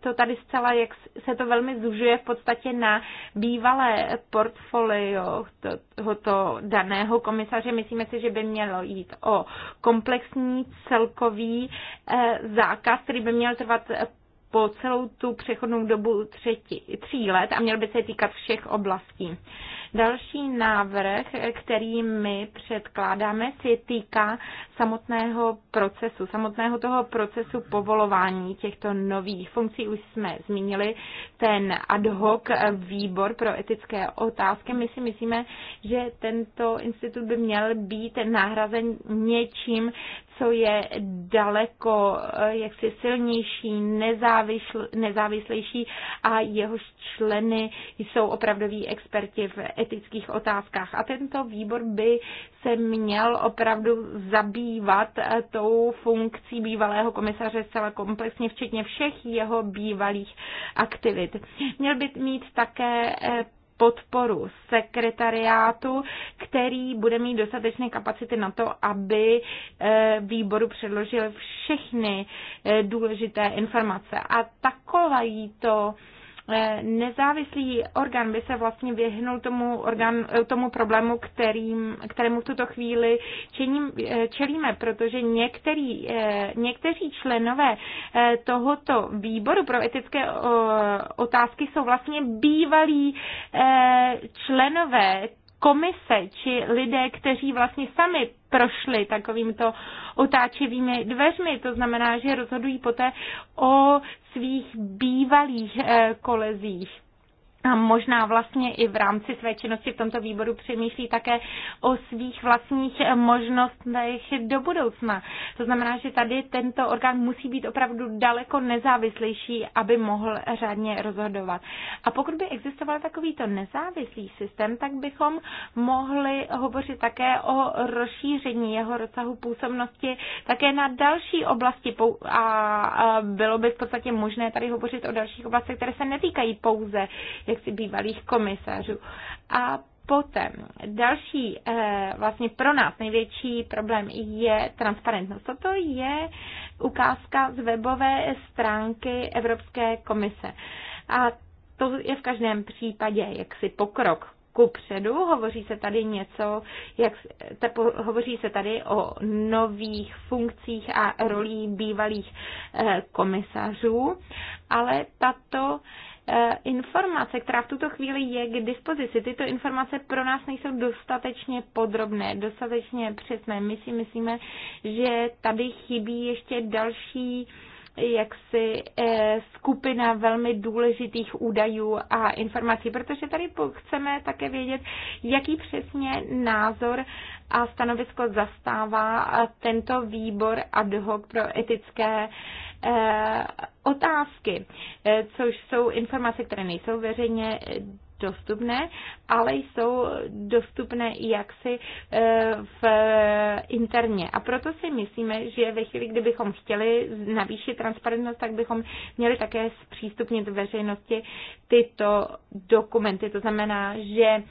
to tady zcela, jak se to velmi zužuje v podstatě na bývalé portfolio tohoto daného komisaře. Myslíme si, že by mělo jít o komplexní celkový eh, zákaz, který by měl trvat po celou tu přechodnou dobu třetí, tří let a měl by se týkat všech oblastí. Další návrh, který my předkládáme, se týká samotného procesu, samotného toho procesu povolování těchto nových funkcí. Už jsme zmínili ten ad hoc výbor pro etické otázky. My si myslíme, že tento institut by měl být nahrazen něčím, co je daleko eh, jaksi silnější, nezávislý, nezávisl, nezávislejší a jeho členy jsou opravdoví experti v etických otázkách. A tento výbor by se měl opravdu zabývat eh, tou funkcí bývalého komisaře zcela komplexně, včetně všech jeho bývalých aktivit. Měl by mít také eh, podporu sekretariátu, který bude mít dostatečné kapacity na to, aby eh, výboru předložil všechny eh, důležité informace. A takovýto to Eh, nezávislý orgán by se vlastně vyhnul tomu, orgán, eh, tomu problému, kterým, kterému v tuto chvíli čením, eh, čelíme, protože některý, někteří členové tohoto výboru pro etické otázky jsou vlastně bývalí členové komise či lidé, kteří vlastně sami prošli takovýmto otáčivými dveřmi. To znamená, že rozhodují poté o svých bývalých eh, kolezích a možná vlastně i v rámci své činnosti v tomto výboru přemýšlí také o svých vlastních možnostech do budoucna. To znamená, že tady tento orgán musí být opravdu daleko nezávislejší, aby mohl řádně rozhodovat. A pokud by existoval takovýto nezávislý systém, tak bychom mohli hovořit také o rozšíření jeho rozsahu působnosti také na další oblasti a bylo by v podstatě možné tady hovořit o dalších oblastech, které se netýkají pouze jaksi bývalých komisařů. A Potom další eh, vlastně pro nás největší problém je transparentnost. Toto je ukázka z webové stránky Evropské komise. A to je v každém případě jaksi pokrok ku předu. Hovoří se tady něco, jak, te, hovoří se tady o nových funkcích a rolích bývalých eh, komisařů, ale tato eh, Eh, informace, která v tuto chvíli je k dispozici. Tyto informace pro nás nejsou dostatečně podrobné, dostatečně přesné. My si myslíme, že tady chybí ještě další jaksi eh, skupina velmi důležitých údajů a informací, protože tady chceme také vědět, jaký přesně názor a stanovisko zastává eh, tento výbor ad hoc pro etické Eh, otázky, eh, což jsou informace, které nejsou veřejně dostupné, ale jsou dostupné i jaksi eh, v interně. A proto si myslíme, že ve chvíli, kdybychom chtěli navýšit transparentnost, tak bychom měli také zpřístupnit veřejnosti tyto dokumenty. To znamená, že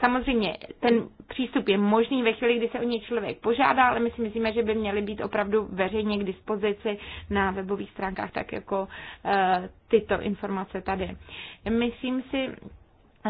samozřejmě ten přístup je možný ve chvíli, kdy se o něj člověk požádá, ale my si myslíme, že by měly být opravdu veřejně k dispozici na webových stránkách, tak jako eh, tyto informace tady. Myslím si,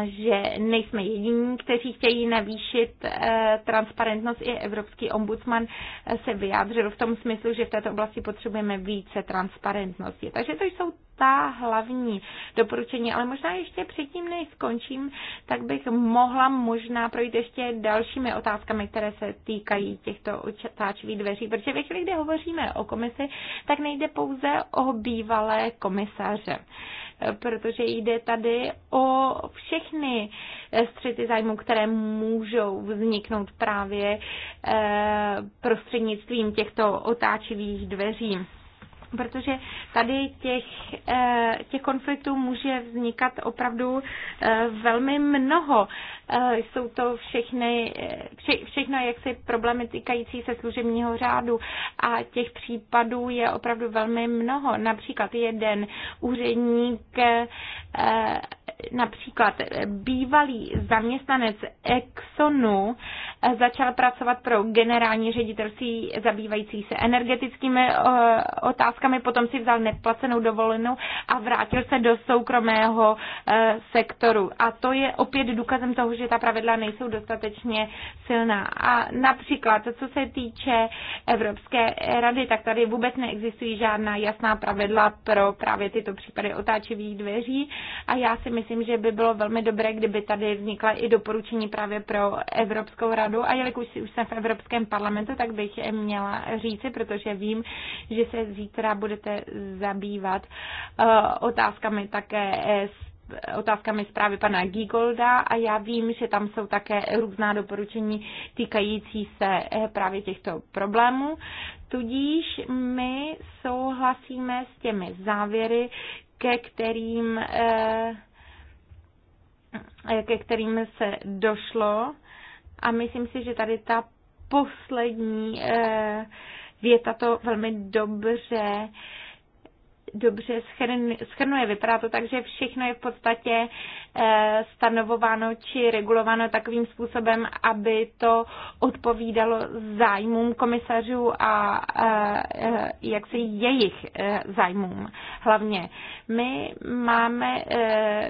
že nejsme jediní, kteří chtějí navýšit eh, transparentnost. I Evropský ombudsman eh, se vyjádřil v tom smyslu, že v této oblasti potřebujeme více transparentnosti. Takže to jsou ta hlavní doporučení, ale možná ještě předtím, než skončím, tak bych mohla možná projít ještě dalšími otázkami, které se týkají těchto otáčivých dveří, protože ve chvíli, kdy hovoříme o komisi, tak nejde pouze o bývalé komisaře protože jde tady o všechny střety zájmu, které můžou vzniknout právě eh, prostřednictvím těchto otáčivých dveří protože tady těch, eh, těch konfliktů může vznikat opravdu eh, velmi mnoho. Eh, jsou to všechny, eh, vše, všechno jaksi problémy týkající se služebního řádu a těch případů je opravdu velmi mnoho. Například jeden úředník eh, například bývalý zaměstnanec Exxonu začal pracovat pro generální ředitelství zabývající se energetickými otázkami, potom si vzal neplacenou dovolenou a vrátil se do soukromého sektoru. A to je opět důkazem toho, že ta pravidla nejsou dostatečně silná. A například, co se týče Evropské rady, tak tady vůbec neexistují žádná jasná pravidla pro právě tyto případy otáčivých dveří a já si myslím, že by bylo velmi dobré, kdyby tady vznikla i doporučení právě pro Evropskou radu a jelikož už jsem v Evropském parlamentu, tak bych měla říci, protože vím, že se zítra budete zabývat eh, otázkami také z otázkami zprávy pana Gigolda a já vím, že tam jsou také různá doporučení týkající se eh, právě těchto problémů. Tudíž my souhlasíme s těmi závěry, ke kterým, eh, ke kterým se došlo a myslím si, že tady ta poslední eh, věta to velmi dobře eh, dobře schrnuje. Vypadá to tak, že všechno je v podstatě eh, stanovováno či regulováno takovým způsobem, aby to odpovídalo zájmům komisařů a eh, eh, jak se jejich zájmům hlavně. My máme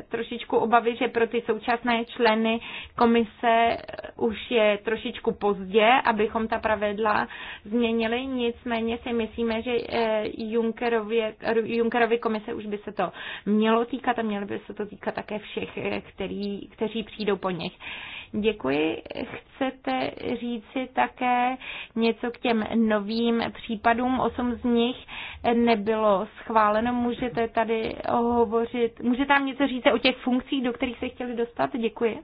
trošičku obavy, že pro ty současné členy komise už je trošičku pozdě, abychom ta pravidla změnili. Nicméně si myslíme, že Junckerově, Junckerovy komise už by se to mělo týkat a mělo by se to týkat také všech, eh, který, kteří přijdou po nich. Děkuji. Chcete říci také něco k těm novým případům? Osm z nich nebylo schváleno. Můžete tady hovořit, můžete tam něco říct o těch funkcích, do kterých se chtěli dostat? Děkuji.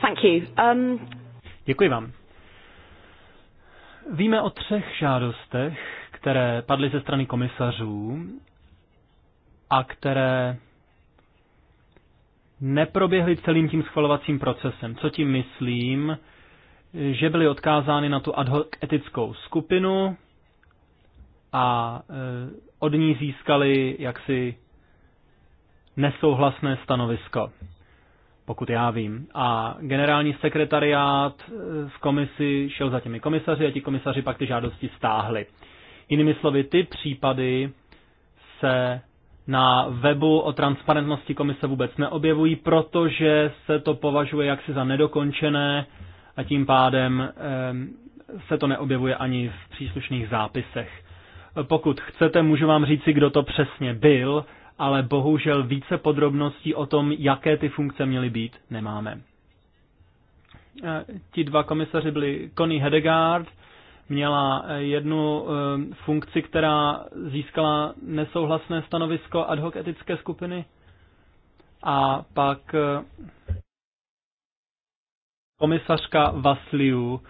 Thank you. Um... Děkuji vám. Víme o třech žádostech, které padly ze strany komisařů a které neproběhly celým tím schvalovacím procesem. Co tím myslím? Že byly odkázány na tu ad hoc etickou skupinu a e, od ní získali jaksi nesouhlasné stanovisko pokud já vím. A generální sekretariát eh, v komisi šel za těmi komisaři a ti komisaři pak ty žádosti stáhli. Jinými slovy, ty případy se na webu o transparentnosti komise vůbec neobjevují, protože se to považuje jaksi za nedokončené a tím pádem ehm, se to neobjevuje ani v příslušných zápisech. Pokud chcete, můžu vám říci, kdo to přesně byl, ale bohužel více podrobností o tom, jaké ty funkce měly být, nemáme. Eh, ti dva komisaři byli Connie Hedegaard, měla eh, jednu eh, funkci, která získala nesouhlasné stanovisko ad hoc etické skupiny a pak komisařka Vasliu,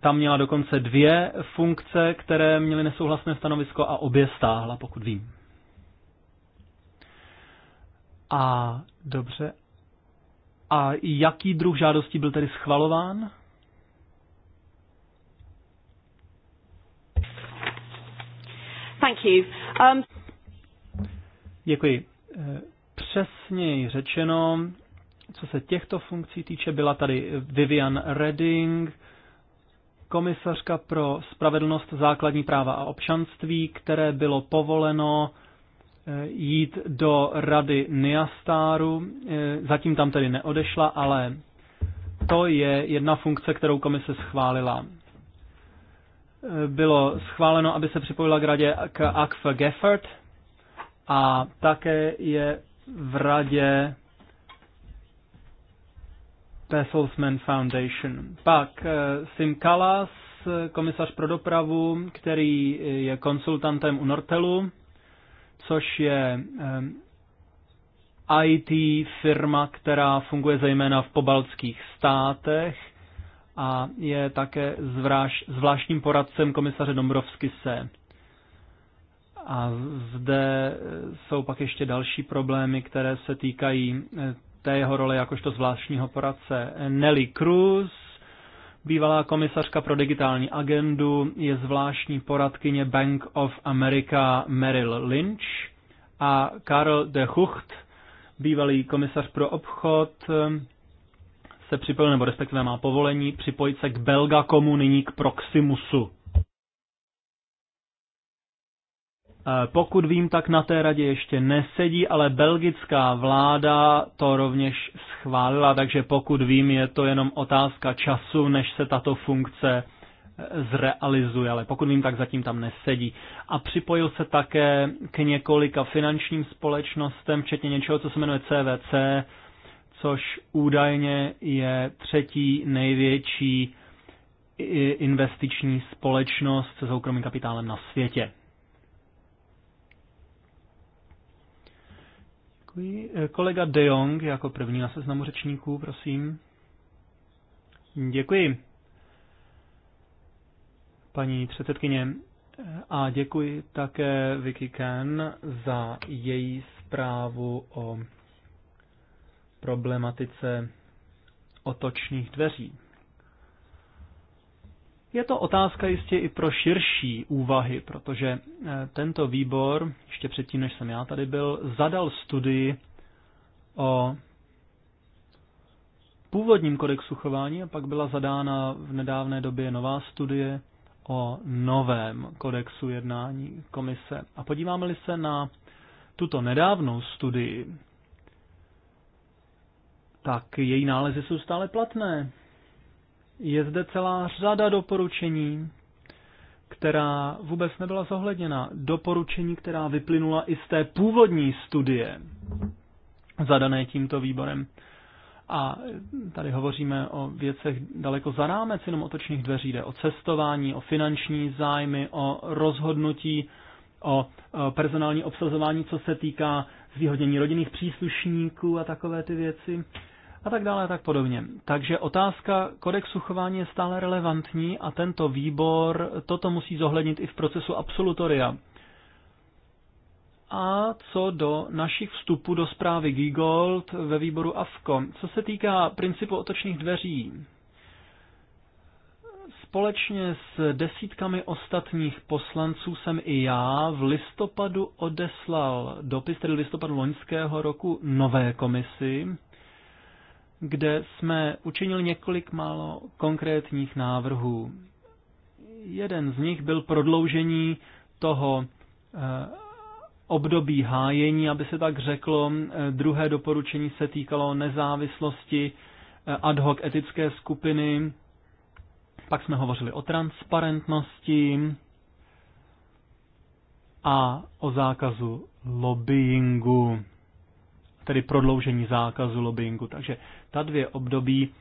tam měla dokonce dvě funkce, které měly nesouhlasné stanovisko a obě stáhla, pokud vím. A dobře. A jaký druh žádosti byl tedy schvalován? Thank you. Um... Děkuji. Eh, přesněji řečeno, co se těchto funkcí týče, byla tady Vivian Redding, komisařka pro spravedlnost základní práva a občanství, které bylo povoleno Eh, jít do rady Niastáru. Eh, zatím tam tedy neodešla, ale to je jedna funkce, kterou komise schválila. Eh, bylo schváleno, aby se připojila k radě k Akf Geffert a také je v radě Pesselsman Foundation. Pak Sim Kalas, komisař pro dopravu, který je konsultantem u Nortelu, což je ehm, IT firma, která funguje zejména v pobaltských státech a je také zvláštním poradcem komisaře se. A zde eh, jsou pak ještě další problémy, které se týkají eh, té jeho role jakožto zvláštního poradce. Nelly Cruz, Bývalá komisařka pro digitální agendu je zvláštní poradkyně Bank of America Merrill Lynch a Karl de Hucht, bývalý komisař pro obchod, se připojil, nebo respektive má povolení připojit se k Belgakomu, nyní k Proximusu. Eh, pokud vím, tak na té radě ještě nesedí, ale belgická vláda to rovněž schválila, takže pokud vím, je to jenom otázka času, než se tato funkce eh, zrealizuje, ale pokud vím, tak zatím tam nesedí. A připojil se také k několika finančním společnostem, včetně něčeho, co se jmenuje CVC, což údajně je třetí největší investiční společnost se soukromým kapitálem na světě. Děkuji. Kolega De Jong jako první na seznamu řečníků, prosím. Děkuji. Paní předsedkyně, a děkuji také Vicky Ken za její zprávu o problematice otočných dveří. Je to otázka jistě i pro širší úvahy, protože eh, tento výbor, ještě předtím, než jsem já tady byl, zadal studii o původním kodexu chování a pak byla zadána v nedávné době nová studie o novém kodexu jednání komise. A podíváme-li se na tuto nedávnou studii, tak její nálezy jsou stále platné. Je zde celá řada doporučení, která vůbec nebyla zohledněna. Doporučení, která vyplynula i z té původní studie zadané tímto výborem. A tady hovoříme o věcech daleko za rámec jenom otočných dveří. Jde o cestování, o finanční zájmy, o rozhodnutí, o e, personální obsazování, co se týká zvýhodnění rodinných příslušníků a takové ty věci a tak dále a tak podobně. Takže otázka kodexu chování je stále relevantní a tento výbor toto musí zohlednit i v procesu absolutoria. A co do našich vstupů do zprávy Gigold ve výboru AFCO, co se týká principu otočných dveří, společně s desítkami ostatních poslanců jsem i já v listopadu odeslal dopis, tedy listopadu loňského roku, nové komisi, kde jsme učinili několik málo konkrétních návrhů. Jeden z nich byl prodloužení toho eh, období hájení, aby se tak řeklo. Druhé doporučení se týkalo nezávislosti eh, ad hoc etické skupiny. Pak jsme hovořili o transparentnosti a o zákazu lobbyingu tedy prodloužení zákazu lobbyingu. Takže ta dvě období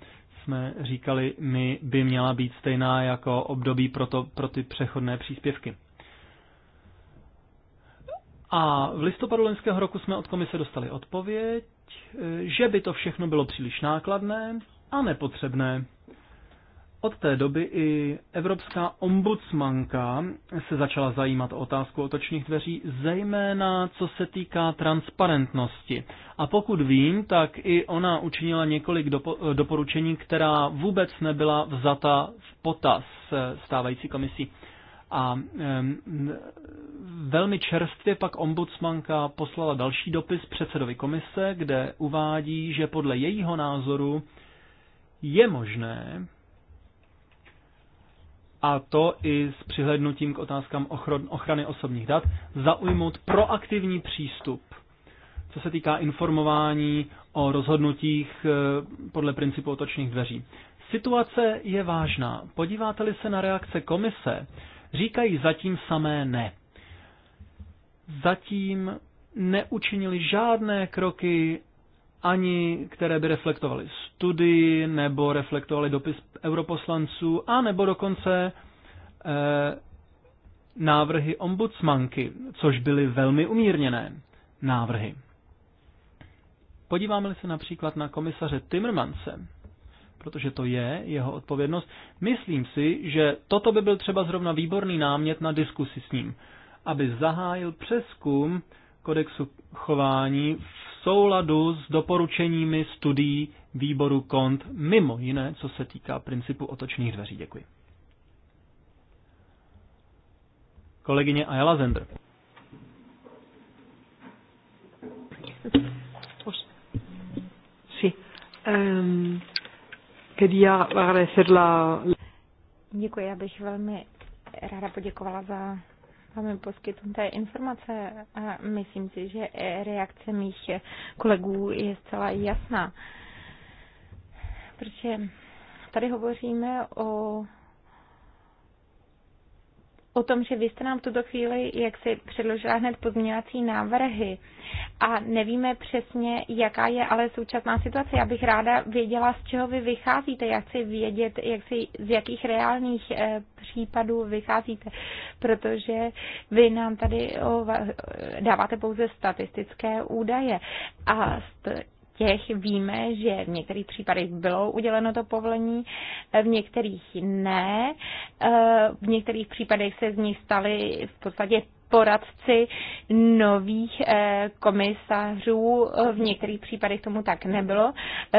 jsme říkali, my by měla být stejná jako období pro, to, pro ty přechodné příspěvky. A v listopadu loňského roku jsme od komise dostali odpověď, že by to všechno bylo příliš nákladné a nepotřebné od té doby i evropská ombudsmanka se začala zajímat o otázku otočných dveří, zejména co se týká transparentnosti. A pokud vím, tak i ona učinila několik doporučení, která vůbec nebyla vzata v potaz stávající komisí. A velmi čerstvě pak ombudsmanka poslala další dopis předsedovi komise, kde uvádí, že podle jejího názoru je možné, a to i s přihlednutím k otázkám ochrany osobních dat, zaujmout proaktivní přístup, co se týká informování o rozhodnutích eh, podle principu otočných dveří. Situace je vážná. Podíváte-li se na reakce komise, říkají zatím samé ne. Zatím neučinili žádné kroky ani které by reflektovaly studii nebo reflektovaly dopis europoslanců a nebo dokonce eh, návrhy ombudsmanky, což byly velmi umírněné návrhy. Podíváme-li se například na komisaře Timmermanse, protože to je jeho odpovědnost, myslím si, že toto by byl třeba zrovna výborný námět na diskusi s ním, aby zahájil přeskum kodexu chování v souladu s doporučeními studií výboru KONT, mimo jiné, co se týká principu otočných dveří. Děkuji. Kolegyně Ayala Zender. Sí. Děkuji, já bych velmi ráda poděkovala za vám poskytnuté informace a myslím si, že reakce mých kolegů je zcela jasná. Protože tady hovoříme o o tom, že vy jste nám v tuto chvíli, jak si předložila hned pozměňovací návrhy a nevíme přesně, jaká je ale současná situace. Já bych ráda věděla, z čeho vy vycházíte. Já chci vědět, jak si, z jakých reálných e, případů vycházíte, protože vy nám tady o, dáváte pouze statistické údaje a st- těch víme, že v některých případech bylo uděleno to povolení, v některých ne. Eh, v některých případech se z nich stali v podstatě poradci nových eh, komisařů. Eh, v některých případech tomu tak nebylo.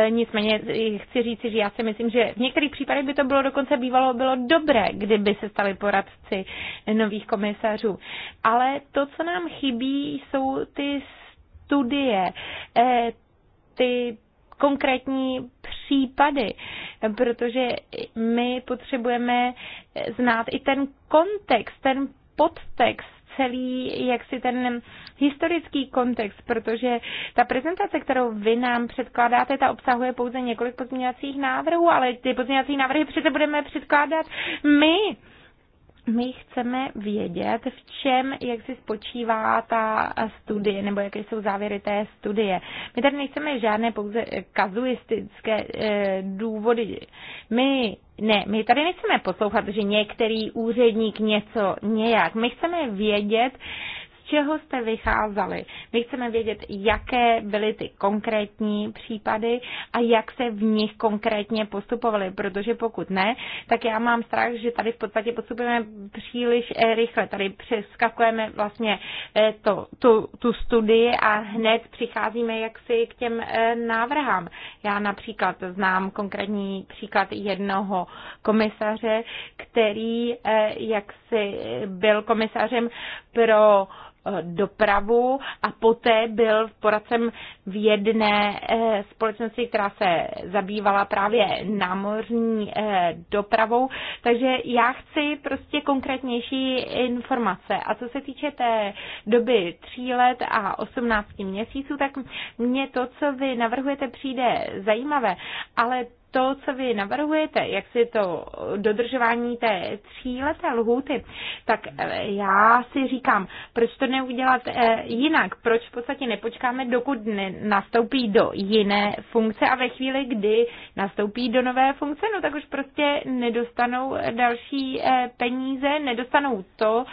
Nicméně chci říci, že já si myslím, že v některých případech by to bylo dokonce bývalo bylo dobré, kdyby se stali poradci nových komisařů. Ale to, co nám chybí, jsou ty studie, ty konkrétní případy, protože my potřebujeme znát i ten kontext, ten podtext, celý jaksi ten historický kontext, protože ta prezentace, kterou vy nám předkládáte, ta obsahuje pouze několik pozměňovacích návrhů, ale ty pozměňovací návrhy přece budeme předkládat my my chceme vědět, v čem, jak si spočívá ta studie, nebo jaké jsou závěry té studie. My tady nechceme žádné pouze eh, kazuistické eh, důvody. My ne, my tady nechceme poslouchat, že některý úředník něco nějak. My chceme vědět, čeho jste vycházeli. My chceme vědět, jaké byly ty konkrétní případy a jak se v nich konkrétně postupovali, protože pokud ne, tak já mám strach, že tady v podstatě postupujeme příliš eh, rychle. Tady přeskakujeme vlastně eh, to, tu, tu studii a hned přicházíme jaksi k těm eh, návrhám. Já například znám konkrétní příklad jednoho komisaře, který jaksi byl komisařem pro Eh, dopravu a poté byl poradcem v jedné eh, společnosti, která se zabývala právě námořní eh, dopravou. Takže já chci prostě konkrétnější informace. A co se týče té doby 3 let a 18 měsíců, tak mě to, co vy navrhujete, přijde zajímavé, ale to, co vy navrhujete, jak si to dodržování té tříleté lhůty, tak eh, já si říkám, proč to neudělat eh, jinak, proč v podstatě nepočkáme, dokud nastoupí do jiné funkce a ve chvíli, kdy nastoupí do nové funkce, no tak už prostě nedostanou další eh, peníze, nedostanou to,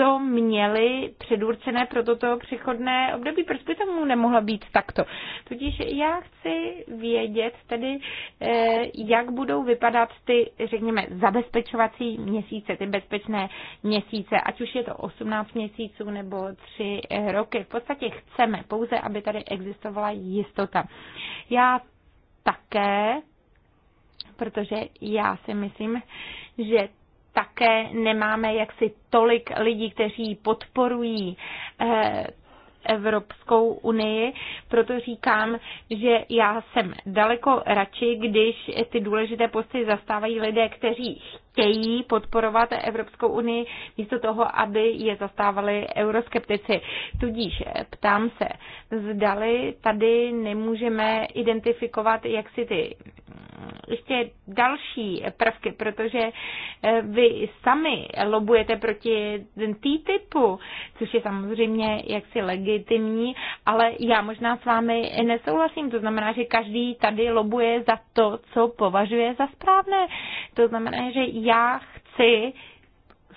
co měli předurčené pro toto přechodné období. Proč by tomu nemohlo být takto? Tudíž já chci vědět tedy, eh, jak budou vypadat ty, řekněme, zabezpečovací měsíce, ty bezpečné měsíce, ať už je to 18 měsíců nebo 3 eh, roky. V podstatě chceme pouze, aby tady existovala jistota. Já také protože já si myslím, že také nemáme jaksi tolik lidí, kteří podporují eh, Evropskou unii, proto říkám, že já jsem daleko radši, když ty důležité posty zastávají lidé, kteří chtějí podporovat Evropskou unii, místo toho, aby je zastávali euroskeptici. Tudíž eh, ptám se, zdali tady nemůžeme identifikovat, jak si ty ještě další prvky, protože eh, vy sami lobujete proti T-typu, což je samozřejmě jaksi legitimní, ale já možná s vámi nesouhlasím. To znamená, že každý tady lobuje za to, co považuje za správné. To znamená, že já chci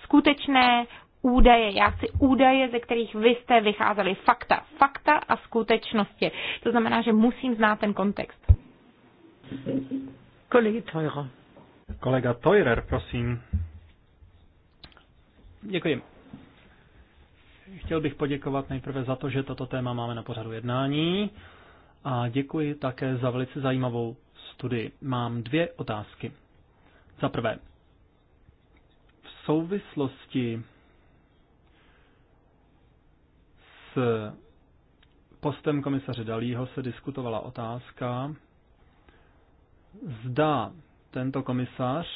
skutečné údaje. Já chci údaje, ze kterých vy jste vycházeli. Fakta. Fakta a skutečnosti. To znamená, že musím znát ten kontext. Kolegy Teurer. Kolega Teurer, prosím. Děkuji. Chtěl bych poděkovat nejprve za to, že toto téma máme na pořadu jednání a děkuji také za velice zajímavou studii. Mám dvě otázky. Za prvé, v souvislosti s postem komisaře Dalího se diskutovala otázka, zda tento komisař,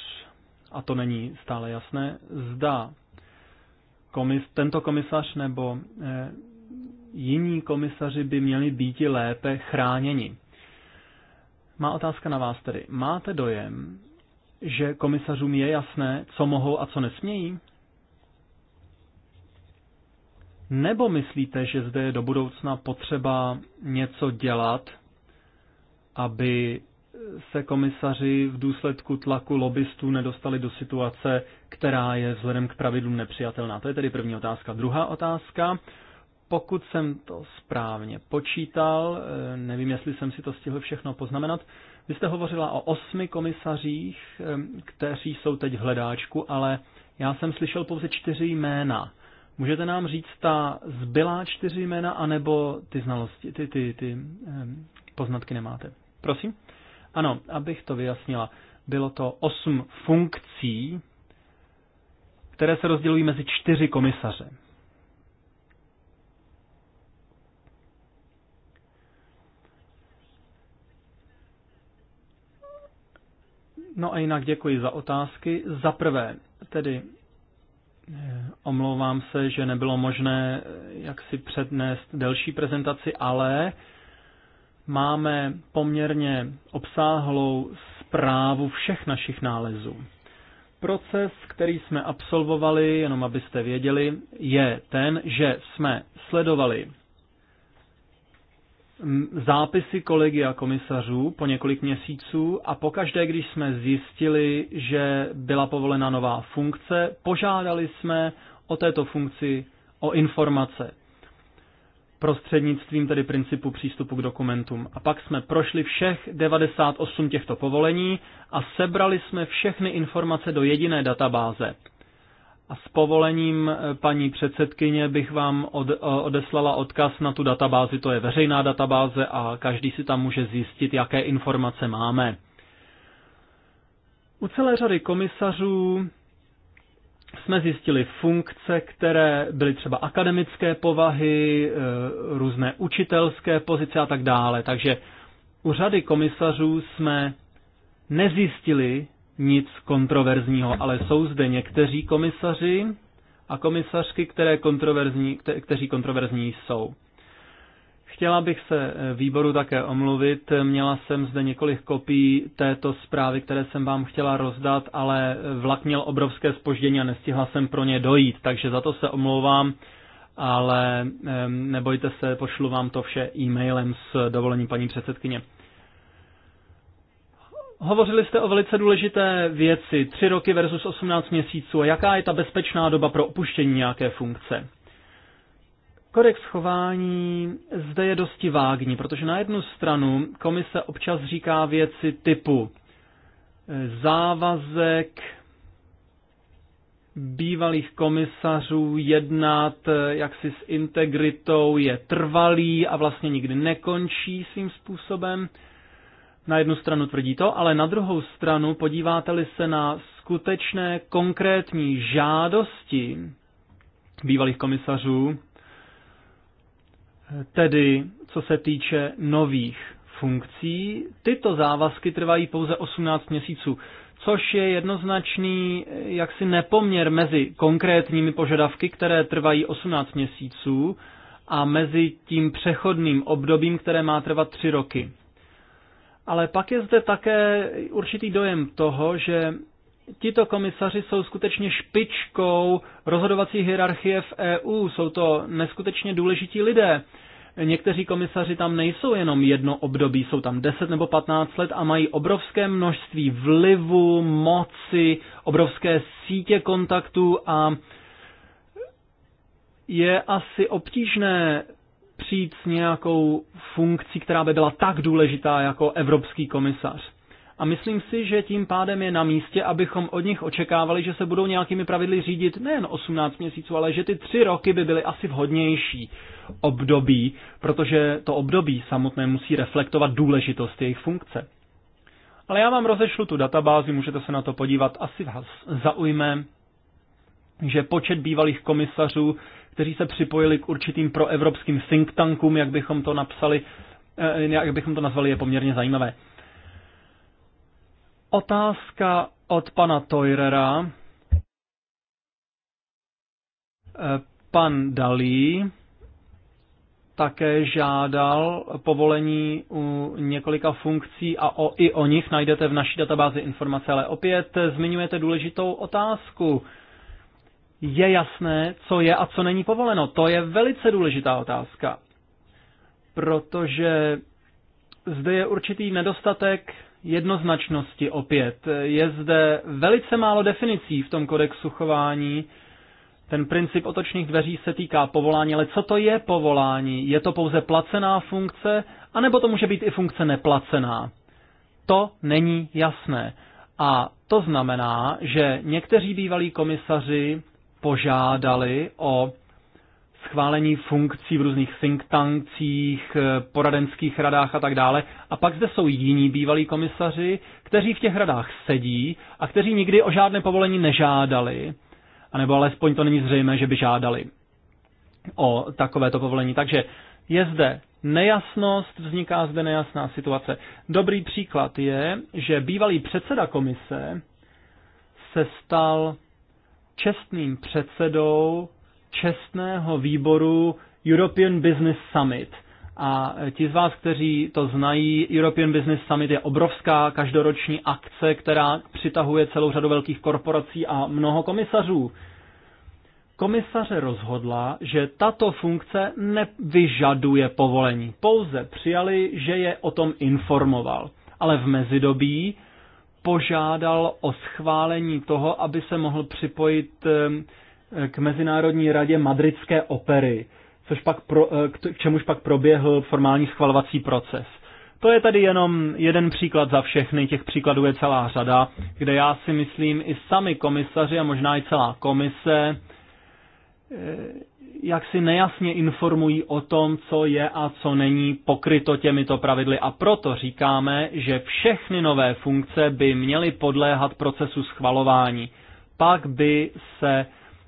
a to není stále jasné, zda komis, tento komisař nebo eh, jiní komisaři by měli být lépe chráněni. Má otázka na vás tedy. Máte dojem, že komisařům je jasné, co mohou a co nesmějí? Nebo myslíte, že zde je do budoucna potřeba něco dělat, aby se komisaři v důsledku tlaku lobbystů nedostali do situace, která je vzhledem k pravidlům nepřijatelná? To je tedy první otázka. Druhá otázka. Pokud jsem to správně počítal, eh, nevím, jestli jsem si to stihl všechno poznamenat, vy jste hovořila o osmi komisařích, eh, kteří jsou teď v hledáčku, ale já jsem slyšel pouze čtyři jména. Můžete nám říct ta zbylá čtyři jména, anebo ty znalosti, ty, ty, ty eh, poznatky nemáte? Prosím. Ano, abych to vyjasnila, bylo to osm funkcí, které se rozdělují mezi čtyři komisaře. No a jinak děkuji za otázky. Za prvé, tedy eh, omlouvám se, že nebylo možné eh, jaksi přednést delší prezentaci, ale máme poměrně obsáhlou zprávu všech našich nálezů. Proces, který jsme absolvovali, jenom abyste věděli, je ten, že jsme sledovali zápisy kolegy a komisařů po několik měsíců a pokaždé, když jsme zjistili, že byla povolena nová funkce, požádali jsme o této funkci o informace prostřednictvím tedy principu přístupu k dokumentům. A pak jsme prošli všech 98 těchto povolení a sebrali jsme všechny informace do jediné databáze. A s povolením eh, paní předsedkyně bych vám od, eh, odeslala odkaz na tu databázi, to je veřejná databáze a každý si tam může zjistit, jaké informace máme. U celé řady komisařů jsme zjistili funkce, které byly třeba akademické povahy, eh, různé učitelské pozice a tak dále. Takže u řady komisařů jsme nezjistili nic kontroverzního, ale jsou zde někteří komisaři a komisařky, které kontroverzní, kte, kteří kontroverzní jsou. Chtěla bych se eh, výboru také omluvit. Měla jsem zde několik kopií této zprávy, které jsem vám chtěla rozdat, ale eh, vlak měl obrovské spoždění a nestihla jsem pro ně dojít, takže za to se omlouvám, ale nebojte se, pošlu vám to vše e-mailem s dovolením paní předsedkyně. Hovořili jste o velice důležité věci, tři roky versus 18 měsíců. A jaká je ta bezpečná doba pro opuštění nějaké funkce? Kodex chování zde je dosti vágní, protože na jednu stranu komise občas říká věci typu eh, závazek bývalých komisařů jednat eh, jaksi s integritou je trvalý a vlastně nikdy nekončí svým způsobem. Na jednu stranu tvrdí to, ale na druhou stranu podíváte-li se na skutečné konkrétní žádosti bývalých komisařů, Tedy, co se týče nových funkcí, tyto závazky trvají pouze 18 měsíců, což je jednoznačný jaksi nepoměr mezi konkrétními požadavky, které trvají 18 měsíců, a mezi tím přechodným obdobím, které má trvat 3 roky. Ale pak je zde také určitý dojem toho, že tito komisaři jsou skutečně špičkou rozhodovací hierarchie v EU. Jsou to neskutečně důležití lidé. Někteří komisaři tam nejsou jenom jedno období, jsou tam 10 nebo 15 let a mají obrovské množství vlivu, moci, obrovské sítě kontaktů a je asi obtížné přijít s nějakou funkcí, která by byla tak důležitá jako evropský komisař. A myslím si, že tím pádem je na místě, abychom od nich očekávali, že se budou nějakými pravidly řídit nejen 18 měsíců, ale že ty tři roky by byly asi vhodnější období, protože to období samotné musí reflektovat důležitost jejich funkce. Ale já vám rozešlu tu databázi, můžete se na to podívat, asi vás zaujme, že počet bývalých komisařů, kteří se připojili k určitým proevropským think tankům, jak bychom to napsali, eh, jak bychom to nazvali, je poměrně zajímavé. Otázka od pana Toirera. Eh, pan Dalí také žádal povolení u několika funkcí a o, i o nich najdete v naší databázi informace, ale opět zmiňujete důležitou otázku. Je jasné, co je a co není povoleno. To je velice důležitá otázka, protože zde je určitý nedostatek jednoznačnosti opět. Je zde velice málo definicí v tom kodexu chování. Ten princip otočných dveří se týká povolání, ale co to je povolání? Je to pouze placená funkce, anebo to může být i funkce neplacená? To není jasné. A to znamená, že někteří bývalí komisaři požádali o schválení funkcí v různých think tankcích, eh, poradenských radách a tak dále. A pak zde jsou jiní bývalí komisaři, kteří v těch radách sedí a kteří nikdy o žádné povolení nežádali, anebo alespoň to není zřejmé, že by žádali o takovéto povolení. Takže je zde nejasnost, vzniká zde nejasná situace. Dobrý příklad je, že bývalý předseda komise se stal čestným předsedou čestného výboru European Business Summit. A ti z vás, kteří to znají, European Business Summit je obrovská každoroční akce, která přitahuje celou řadu velkých korporací a mnoho komisařů. Komisaře rozhodla, že tato funkce nevyžaduje povolení. Pouze přijali, že je o tom informoval. Ale v mezidobí požádal o schválení toho, aby se mohl připojit eh, k Mezinárodní radě madridské opery, což pak pro, eh, k čemuž pak proběhl formální schvalovací proces. To je tady jenom jeden příklad za všechny, těch příkladů je celá řada, kde já si myslím i sami komisaři a možná i celá komise, eh, jak si nejasně informují o tom, co je a co není pokryto těmito pravidly. A proto říkáme, že všechny nové funkce by měly podléhat procesu schvalování. Pak by se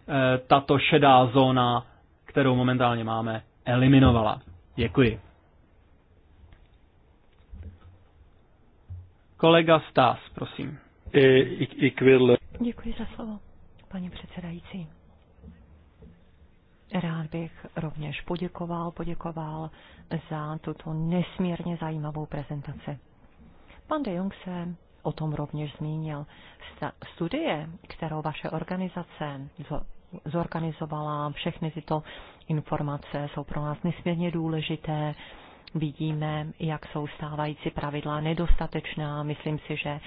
Eh, tato šedá zóna, kterou momentálně máme, eliminovala. Děkuji. Kolega Stás, prosím. Děkuji za slovo, paní předsedající. Rád bych rovněž poděkoval, poděkoval za tuto nesmírně zajímavou prezentaci. Pan de Jong se o tom rovněž zmínil. Studie, kterou vaše organizace zorganizovala. Všechny tyto informace jsou pro nás nesmírně důležité. Vidíme, jak jsou stávající pravidla nedostatečná. Myslím si, že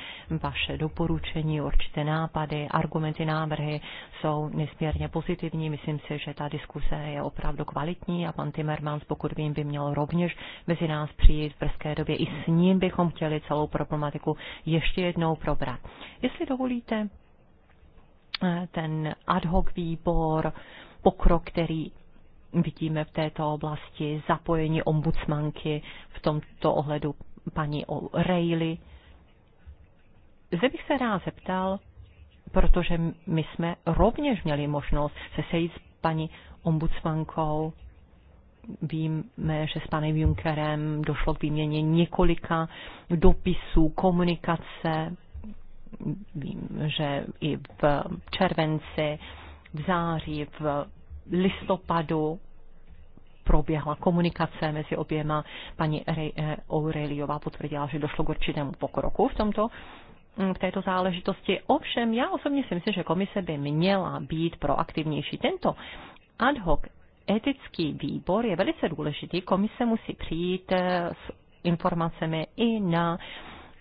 vaše doporučení, určité nápady, argumenty, návrhy jsou nesmírně pozitivní. Myslím si, že ta diskuse je opravdu kvalitní a pan Timmermans, pokud vím, by měl rovněž mezi nás přijít v brzké době. I s ním bychom chtěli celou problematiku ještě jednou probrat. Jestli dovolíte, ten ad hoc výbor, pokrok, který vidíme v této oblasti, zapojení ombudsmanky v tomto ohledu paní O'Reilly. Zde bych se rád zeptal, protože my jsme rovněž měli možnost se sejít s paní ombudsmankou. Víme, že s panem Junckerem došlo k výměně několika dopisů, komunikace Vím, že i v červenci, v září, v listopadu proběhla komunikace mezi oběma. Paní eh, Aureliová potvrdila, že došlo k určitému pokroku v tomto mm, v této záležitosti. Ovšem, já osobně si myslím, že komise by měla být proaktivnější. Tento ad hoc etický výbor je velice důležitý. Komise musí přijít eh, s informacemi i na uh,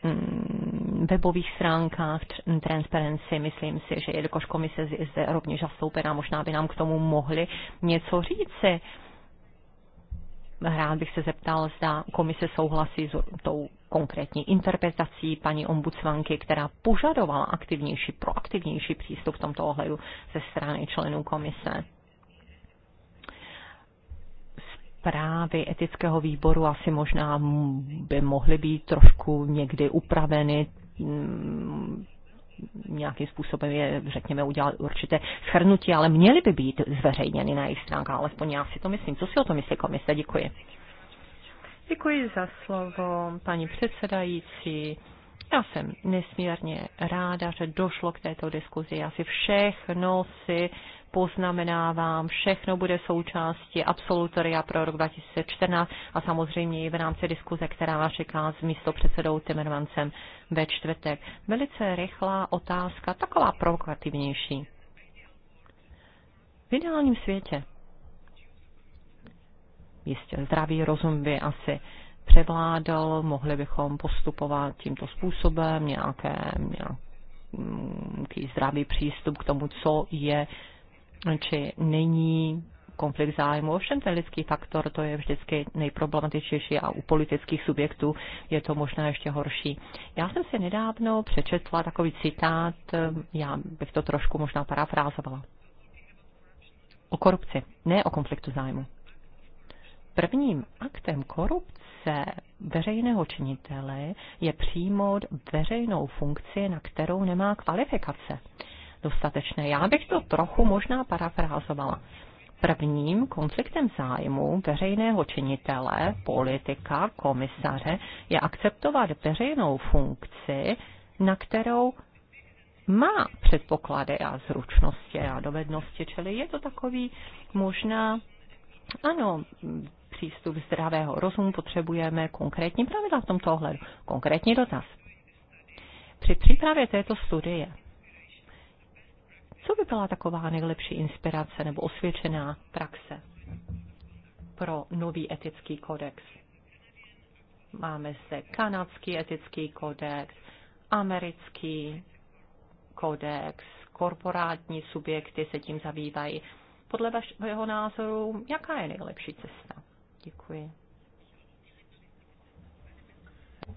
Mm, webových stránkách Transparency. Myslím si, že jelikož komise je zde rovněž zastoupená, možná by nám k tomu mohli něco říci. Rád bych se zeptal, zda komise souhlasí s tou konkrétní interpretací paní ombudsmanky, která požadovala aktivnější, proaktivnější přístup v tomto ohledu ze strany členů komise zprávy etického výboru asi možná by mohly být trošku někdy upraveny mm, nějakým způsobem je, řekněme, udělat určité schrnutí, ale měly by být zveřejněny na jejich stránkách, alespoň já si to myslím. Co si o to myslí komise? Děkuji. Děkuji za slovo, paní předsedající. Já jsem nesmírně ráda, že došlo k této diskuzi. Asi všechno si poznamenávám, všechno bude součástí absolutoria pro rok 2014 a samozřejmě i v rámci diskuze, která vás čeká s místopředsedou Timmermansem ve čtvrtek. Velice rychlá otázka, taková provokativnější. V ideálním světě. Jistě, zdravý rozum by asi převládal, mohli bychom postupovat tímto způsobem, nějaké, nějaké nějaký zdravý přístup k tomu, co je či není konflikt zájmu. Ovšem ten lidský faktor, to je vždycky nejproblematičnější a u politických subjektů je to možná ještě horší. Já jsem si nedávno přečetla takový citát, já bych to trošku možná parafrázovala. O korupci, ne o konfliktu zájmu. Prvním aktem korupce veřejného činitele je přijmout veřejnou funkci, na kterou nemá kvalifikace dostatečné. Já bych to trochu možná parafrázovala. Prvním konfliktem zájmu veřejného činitele, politika, komisaře je akceptovat veřejnou funkci, na kterou má předpoklady a zručnosti a dovednosti, čili je to takový možná, ano, přístup zdravého rozumu potřebujeme konkrétní pravidla v tomto ohledu. Konkrétní dotaz. Při přípravě této studie co by byla taková nejlepší inspirace nebo osvědčená praxe pro nový etický kodex? Máme zde kanadský etický kodex, americký kodex, korporátní subjekty se tím zabývají. Podle vašeho názoru, jaká je nejlepší cesta? Děkuji.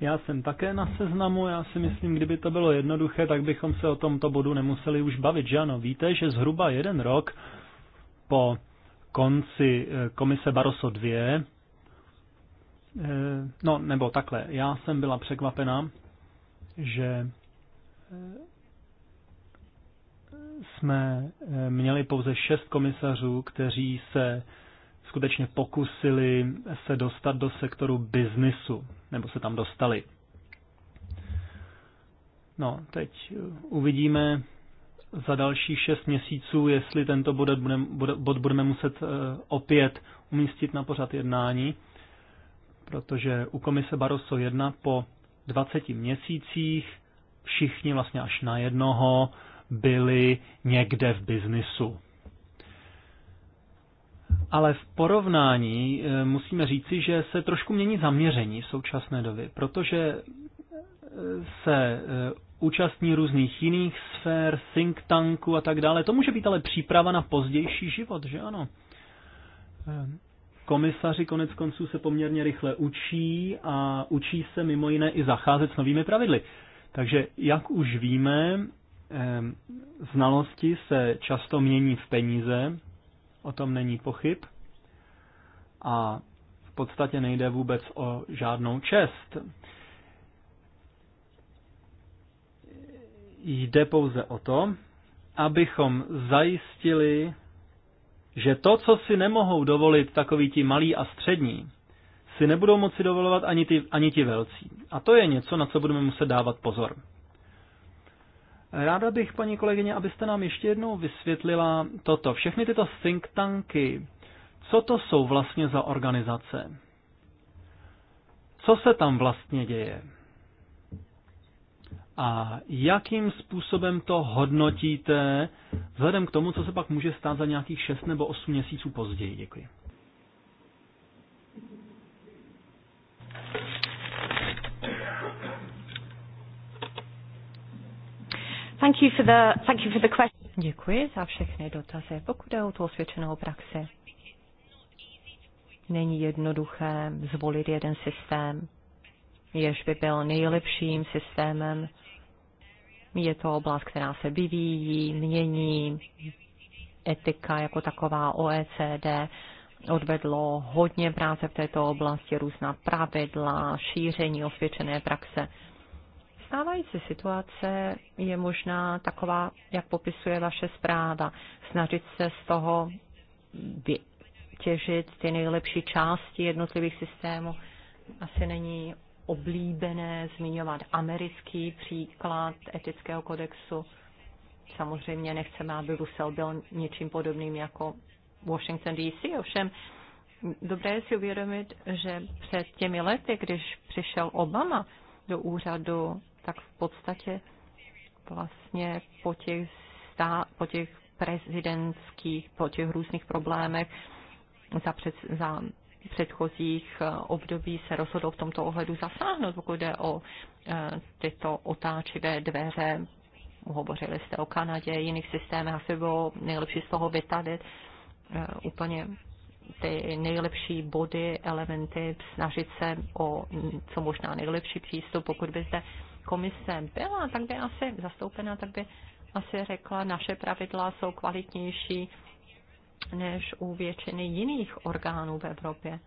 Já jsem také na seznamu, já si myslím, kdyby to bylo jednoduché, tak bychom se o tomto bodu nemuseli už bavit, že ano? Víte, že zhruba jeden rok po konci eh, komise Baroso 2, eh, no nebo takhle, já jsem byla překvapena, že eh, jsme měli pouze šest komisařů, kteří se skutečně pokusili se dostat do sektoru biznisu, nebo se tam dostali. No, teď uvidíme za dalších šest měsíců, jestli tento bod budeme, bod budeme muset eh, opět umístit na pořad jednání, protože u komise Barroso 1 po 20 měsících všichni vlastně až na jednoho byli někde v biznisu ale v porovnání eh, musíme říci, že se trošku mění zaměření v současné době, protože eh, se eh, účastní různých jiných sfér, think tanku a tak dále. To může být ale příprava na pozdější život, že ano? Komisaři konec konců se poměrně rychle učí a učí se mimo jiné i zacházet s novými pravidly. Takže jak už víme, znalosti se často mění v peníze o tom není pochyb. A v podstatě nejde vůbec o žádnou čest. Jde pouze o to, abychom zajistili, že to, co si nemohou dovolit takoví ti malí a střední, si nebudou moci dovolovat ani, ti ani ti velcí. A to je něco, na co budeme muset dávat pozor. Ráda bych, paní kolegyně, abyste nám ještě jednou vysvětlila toto. Všechny tyto think tanky, co to jsou vlastně za organizace? Co se tam vlastně děje? A jakým způsobem to hodnotíte, vzhledem k tomu, co se pak může stát za nějakých 6 nebo 8 měsíců později? Děkuji. Děkuji za všechny dotazy. Pokud je o tu osvědčenou praxi, není jednoduché zvolit jeden systém, jež by byl nejlepším systémem. Je to oblast, která se vyvíjí, mění, etika jako taková OECD odvedlo hodně práce v této oblasti, různá pravidla, šíření osvědčené praxe stávající situace je možná taková, jak popisuje vaše zpráva. Snažit se z toho těžit ty nejlepší části jednotlivých systémů asi není oblíbené zmiňovat americký příklad etického kodexu. Samozřejmě nechceme, aby Rusel byl něčím podobným jako Washington DC, ovšem dobré je si uvědomit, že před těmi lety, když přišel Obama do úřadu, tak v podstatě vlastně po těch, stá, po těch prezidentských, po těch různých problémech za, před, za předchozích eh, období se rozhodlo v tomto ohledu zasáhnout, pokud jde o eh, tyto otáčivé dveře. Hovořili jste o Kanadě, jiných systémech, asi bylo nejlepší z toho vytadit eh, úplně ty nejlepší body, elementy, snažit se o co možná nejlepší přístup, pokud byste zde komise byla, tak by asi zastoupena, tak by asi řekla, naše pravidla jsou kvalitnější než u většiny jiných orgánů v Evropě.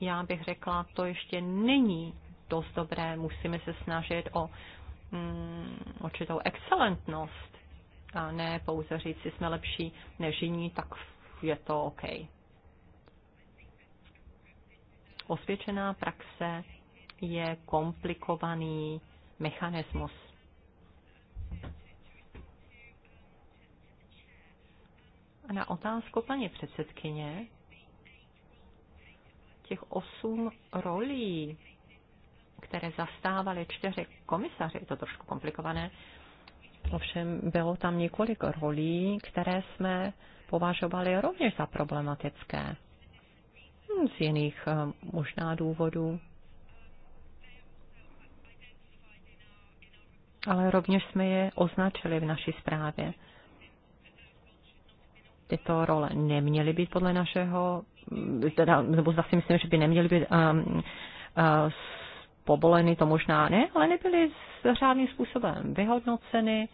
Já bych řekla, to ještě není dost dobré, musíme se snažit o mm, určitou excelentnost a ne pouze říct, že jsme lepší než jiní, tak je to OK. Osvědčená praxe je komplikovaný mechanismus. A na otázku paní předsedkyně, těch osm rolí, které zastávali čtyři komisaři, je to trošku komplikované, ovšem bylo tam několik rolí, které jsme považovali rovněž za problematické. Z jiných eh, možná důvodů. ale rovněž jsme je označili v naší zprávě. Tyto role neměly být podle našeho, teda, nebo zase myslím, že by neměly být um, uh, poboleny, to možná ne, ale nebyly řádným způsobem vyhodnoceny.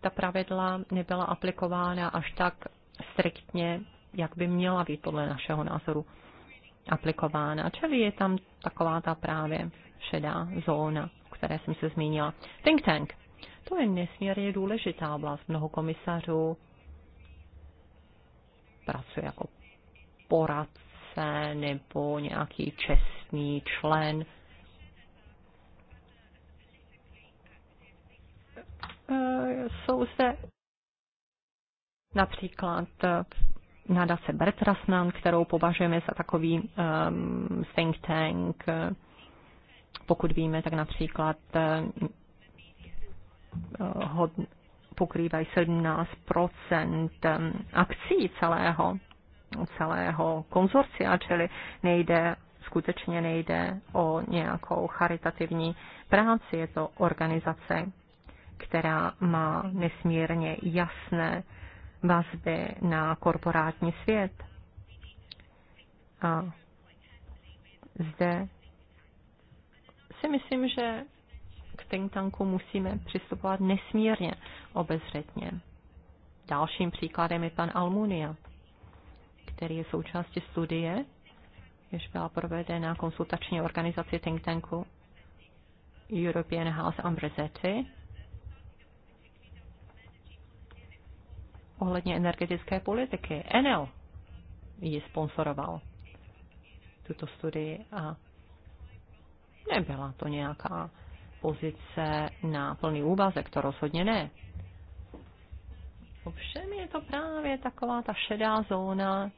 Ta pravidla nebyla aplikována až tak striktně, jak by měla být podle našeho názoru aplikována. Čili je tam taková ta právě šedá zóna které jsem se zmínila. Think tank. To je nesmírně důležitá oblast. Mnoho komisařů pracuje jako poradce nebo nějaký čestný člen. E, jsou zde například nadace Bertrasnan, kterou považujeme za takový um, think tank, pokud víme, tak například eh, eh, hod, pokrývají 17 eh, akcí celého, celého konzorcia, čili nejde, skutečně nejde o nějakou charitativní práci, je to organizace, která má nesmírně jasné vazby na korporátní svět. A zde si myslím, že k think tanku musíme přistupovat nesmírně obezřetně. Dalším příkladem je pan Almunia, který je součástí studie, jež byla provedena konsultační organizaci think tanku European House Ambrezetti ohledně energetické politiky. Enel ji sponsoroval tuto studii a Nebyla to nějaká pozice na plný úvazek, to rozhodně ne. Ovšem je to právě taková ta šedá zóna,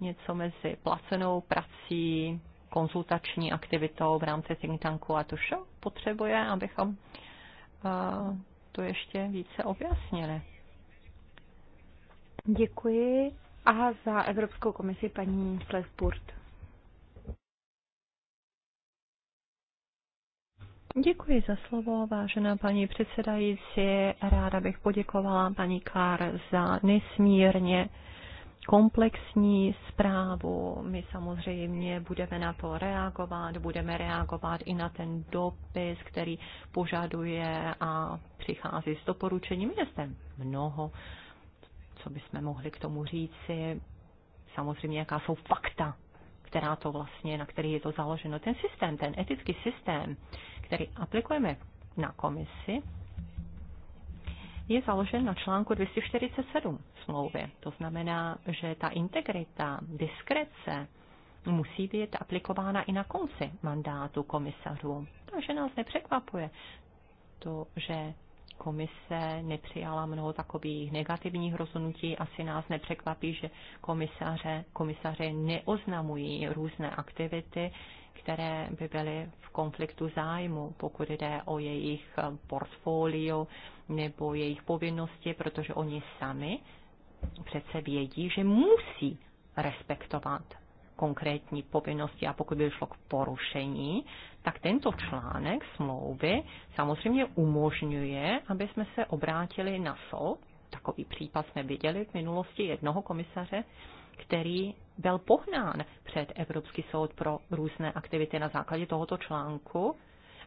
něco mezi placenou prací, konzultační aktivitou v rámci think tanku a to vše potřebuje, abychom eh, to ještě více objasnili. Děkuji. A za Evropskou komisi paní Slesburg. Děkuji za slovo, vážená paní předsedající. Ráda bych poděkovala paní Kár za nesmírně komplexní zprávu. My samozřejmě budeme na to reagovat, budeme reagovat i na ten dopis, který požaduje a přichází s doporučením. Je zde mnoho, co bychom mohli k tomu říci. Samozřejmě, jaká jsou fakta, která to vlastně, na který je to založeno. Ten systém, ten etický systém, který aplikujeme na komisi, je založen na článku 247 smlouvy. To znamená, že ta integrita, diskrece musí být aplikována i na konci mandátu komisařů. Takže nás nepřekvapuje to, že komise nepřijala mnoho takových negativních rozhodnutí. Asi nás nepřekvapí, že komisaře, komisaře neoznamují různé aktivity, které by byly v konfliktu zájmu, pokud jde o jejich portfolio nebo jejich povinnosti, protože oni sami přece vědí, že musí respektovat konkrétní povinnosti a pokud by šlo k porušení, tak tento článek smlouvy samozřejmě umožňuje, aby jsme se obrátili na soud. Takový případ jsme viděli v minulosti jednoho komisaře, který byl pohnán před Evropský soud pro různé aktivity na základě tohoto článku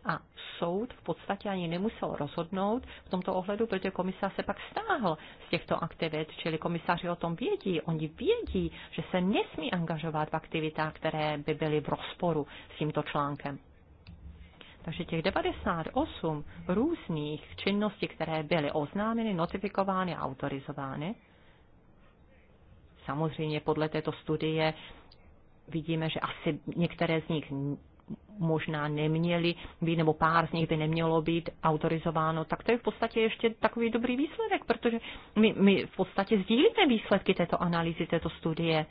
a soud v podstatě ani nemusel rozhodnout v tomto ohledu, protože komisař se pak stáhl z těchto aktivit, čili komisaři o tom vědí, oni vědí, že se nesmí angažovat v aktivitách, které by byly v rozporu s tímto článkem. Takže těch 98 různých činností, které byly oznámeny, notifikovány a autorizovány, Samozřejmě podle této studie vidíme, že asi některé z nich možná neměly být, nebo pár z nich by nemělo být autorizováno, tak to je v podstatě ještě takový dobrý výsledek, protože my, my v podstatě sdílíme výsledky této analýzy, této studie.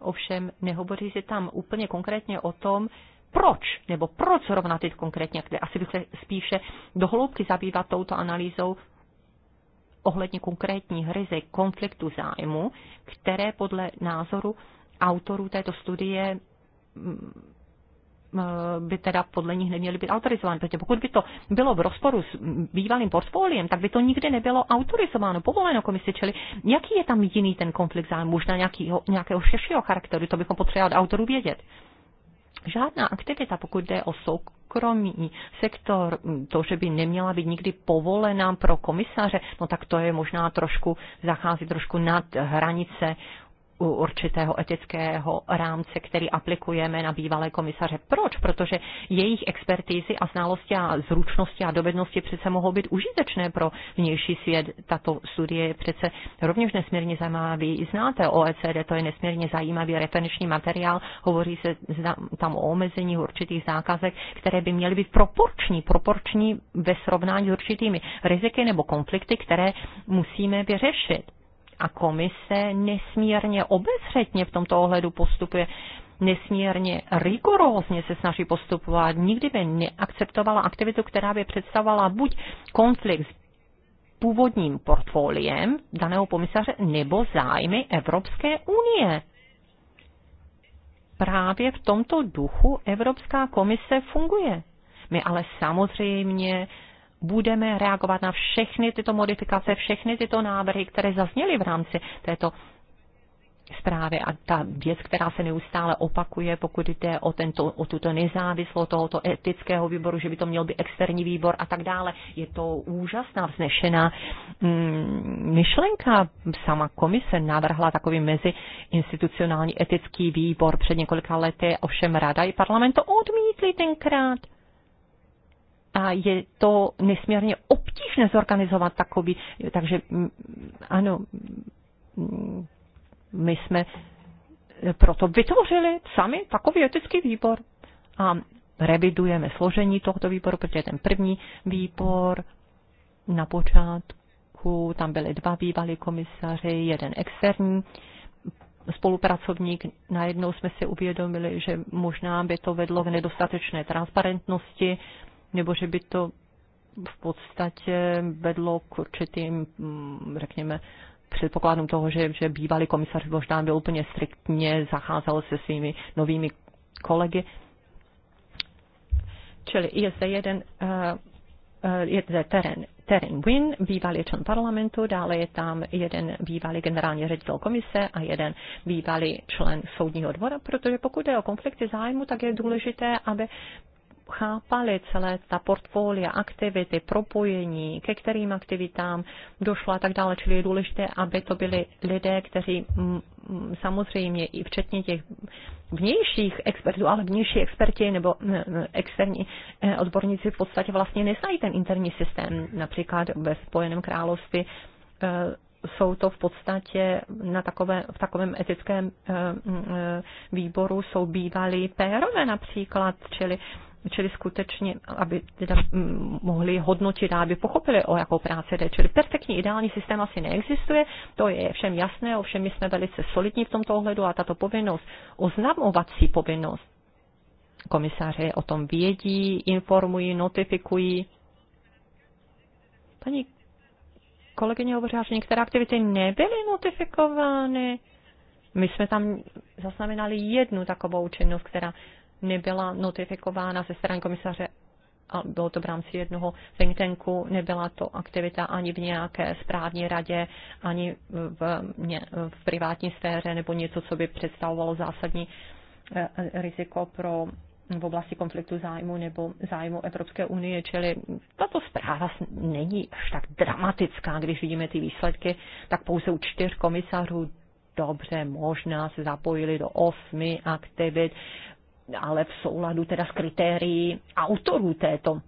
Ovšem nehovoří se tam úplně konkrétně o tom, proč, nebo proč zrovna teď konkrétně, kde asi by se spíše dohloubky zabývat touto analýzou, ohledně konkrétních rizik konfliktu zájmu, které podle názoru autorů této studie mm, mm, by teda podle nich neměly být autorizovány, protože pokud by to bylo v rozporu s bývalým portfoliem, tak by to nikdy nebylo autorizováno, povoleno komisi, čili jaký je tam jiný ten konflikt zájmu, možná nějakýho, nějakého širšího charakteru, to bychom potřebovali autoru autorů vědět žádná aktivita, pokud jde o soukromý sektor, to, že by neměla být nikdy povolená pro komisaře, no tak to je možná trošku, zachází trošku nad hranice u určitého etického rámce, který aplikujeme na bývalé komisaře. Proč? Protože jejich expertízy a znalosti a zručnosti a dovednosti přece mohou být užitečné pro vnější svět. Tato studie je přece rovněž nesmírně zajímavá. Vy znáte OECD, to je nesmírně zajímavý referenční materiál. Hovoří se tam o omezení určitých zákazek, které by měly být proporční, proporční ve srovnání s určitými riziky nebo konflikty, které musíme vyřešit a komise nesmírně obezřetně v tomto ohledu postupuje nesmírně rigorózně se snaží postupovat, nikdy by neakceptovala aktivitu, která by představovala buď konflikt s původním portfoliem daného komisaře nebo zájmy Evropské unie. Právě v tomto duchu Evropská komise funguje. My ale samozřejmě budeme reagovat na všechny tyto modifikace, všechny tyto návrhy, které zazněly v rámci této zprávy a ta věc, která se neustále opakuje, pokud jde o, tento, o tuto nezávislost tohoto etického výboru, že by to měl být externí výbor a tak dále. Je to úžasná vznešená mm, myšlenka. Sama komise navrhla takový meziinstitucionální etický výbor před několika lety, ovšem rada i parlament to odmítli tenkrát a je to nesmírně obtížné zorganizovat takový, takže mm, ano, mm, my jsme proto vytvořili sami takový etický výbor a revidujeme složení tohoto výboru, protože ten první výbor na počátku, tam byly dva bývalí komisaři, jeden externí, spolupracovník, najednou jsme si uvědomili, že možná by to vedlo k nedostatečné transparentnosti nebo že by to v podstatě vedlo k určitým, mm, řekněme, předpokladům toho, že, že bývalý komisař možná byl úplně striktně zacházel se svými novými kolegy. Čili je zde jeden, eh, eh, je zde terén Terin Wynn, bývalý člen parlamentu, dále je tam jeden bývalý generální ředitel komise a jeden bývalý člen soudního dvora, protože pokud je o konflikty zájmu, tak je důležité, aby chápali celé ta portfolia, aktivity, propojení, ke kterým aktivitám došlo a tak dále. Čili je důležité, aby to byli lidé, kteří samozřejmě i včetně těch vnějších expertů, ale vnější experti nebo externí eh, odborníci v podstatě vlastně neznají ten interní systém. Například ve Spojeném království eh, jsou to v podstatě na takové, v takovém etickém e, e, výboru jsou bývalí pérové například, čili čili skutečně, aby teda mohli hodnotit a aby pochopili, o jakou práci jde. Čili perfektní ideální systém asi neexistuje, to je všem jasné, ovšem my jsme velice solidní v tomto ohledu a tato povinnost, oznamovací povinnost, komisáře, o tom vědí, informují, notifikují. Paní kolegyně hovořila, že některé aktivity nebyly notifikovány. My jsme tam zaznamenali jednu takovou činnost, která nebyla notifikována ze strany komisaře a bylo to v rámci jednoho think tanku, nebyla to aktivita ani v nějaké správní radě, ani v, ně, v privátní sféře nebo něco, co by představovalo zásadní eh, riziko pro v oblasti konfliktu zájmu nebo zájmu Evropské unie, čili tato zpráva není až tak dramatická, když vidíme ty výsledky, tak pouze u čtyř komisařů dobře možná se zapojili do osmi aktivit ale v souladu teda s kritérií autorů této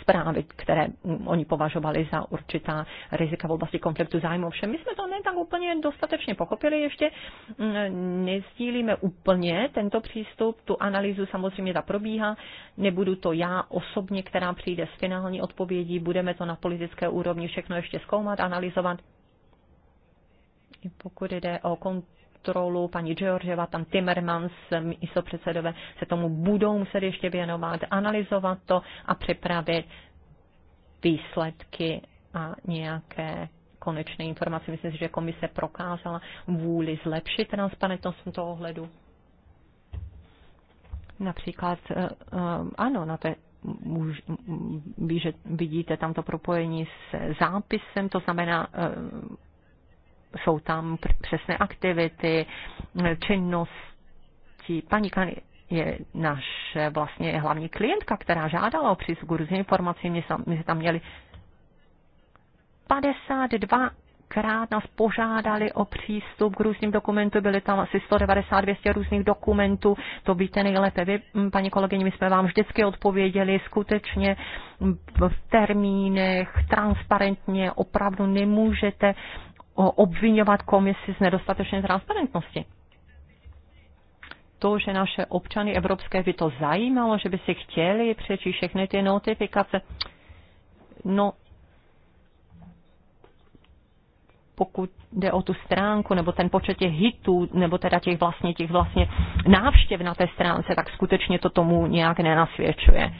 zprávy, které oni považovali za určitá rizika v oblasti konfliktu zájmu. Všem my jsme to ne tak úplně dostatečně pochopili, ještě mm, nezdílíme úplně tento přístup, tu analýzu samozřejmě ta probíhá, nebudu to já osobně, která přijde s finální odpovědí, budeme to na politické úrovni všechno ještě zkoumat, analyzovat. I pokud jde o kont- kontrolu, paní Georgieva, tam Timmermans, ISO-předsedové se tomu budou muset ještě věnovat, analyzovat to a připravit výsledky a nějaké konečné informace. Myslím si, že komise prokázala vůli zlepšit transparentnost v tomto ohledu. Například, eh, eh, ano, na té můž, vidíte tam to propojení s zápisem, to znamená eh, jsou tam přesné aktivity, činnosti. Paní Kan je naše vlastně hlavní klientka, která žádala o přístup k informacím. My, my jsme tam měli 52 krát nás požádali o přístup k různým dokumentům, byly tam asi 190-200 různých dokumentů, to víte nejlépe vy, paní kolegyně, my jsme vám vždycky odpověděli skutečně v termínech, transparentně, opravdu nemůžete obvinovat komisi z nedostatečné transparentnosti. To, že naše občany evropské by to zajímalo, že by si chtěli přečíst všechny ty notifikace, no pokud jde o tu stránku, nebo ten počet těch hitů, nebo teda těch vlastně, těch vlastně návštěv na té stránce, tak skutečně to tomu nějak nenasvědčuje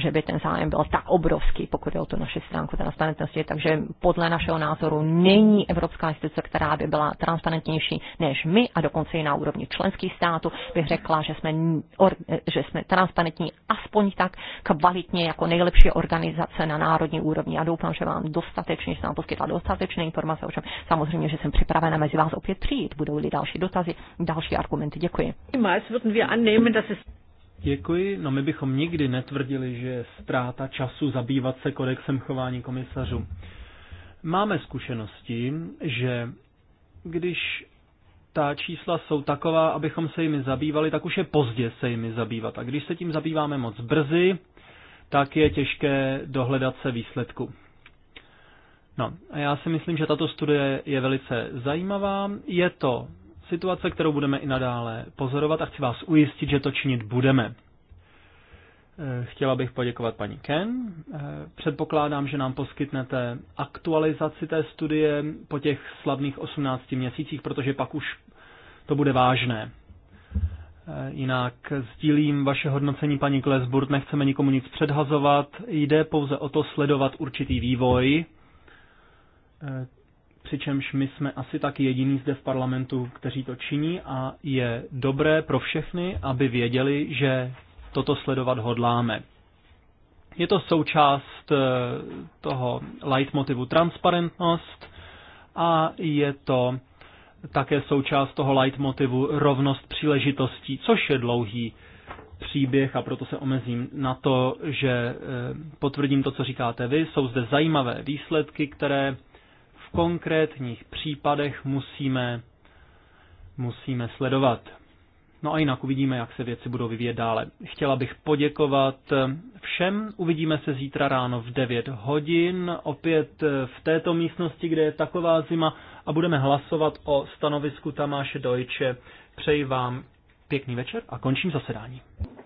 že by ten zájem byl tak obrovský, pokud je o tu naši stránku transparentnosti. Takže podle našeho názoru není evropská instituce, která by byla transparentnější než my a dokonce i na úrovni členských států, bych řekla, že jsme, že jsme transparentní aspoň tak kvalitně jako nejlepší organizace na národní úrovni. A doufám, že vám dostatečně, že jsem vám poskytla dostatečné informace, o čem samozřejmě, že jsem připravena mezi vás opět přijít. Budou-li další dotazy, další argumenty. Děkuji. Děkuji. No my bychom nikdy netvrdili, že je ztráta času zabývat se kodexem chování komisařů. Máme zkušenosti, že když ta čísla jsou taková, abychom se jimi zabývali, tak už je pozdě se jimi zabývat. A když se tím zabýváme moc brzy, tak je těžké dohledat se výsledku. No, a já si myslím, že tato studie je velice zajímavá. Je to situace, kterou budeme i nadále pozorovat a chci vás ujistit, že to činit budeme. Eh, chtěla bych poděkovat paní Ken. Eh, předpokládám, že nám poskytnete aktualizaci té studie po těch slavných 18 měsících, protože pak už to bude vážné. Eh, jinak sdílím vaše hodnocení, paní Klesburt, nechceme nikomu nic předhazovat, jde pouze o to sledovat určitý vývoj, přičemž my jsme asi tak jediní zde v parlamentu, kteří to činí a je dobré pro všechny, aby věděli, že toto sledovat hodláme. Je to součást eh, toho leitmotivu transparentnost a je to také součást toho leitmotivu rovnost příležitostí, což je dlouhý příběh a proto se omezím na to, že eh, potvrdím to, co říkáte vy. Jsou zde zajímavé výsledky, které v konkrétních případech musíme, musíme sledovat. No a jinak uvidíme, jak se věci budou vyvíjet dále. Chtěla bych poděkovat všem. Uvidíme se zítra ráno v 9 hodin, opět v této místnosti, kde je taková zima a budeme hlasovat o stanovisku Tamáše Dojče. Přeji vám pěkný večer a končím zasedání.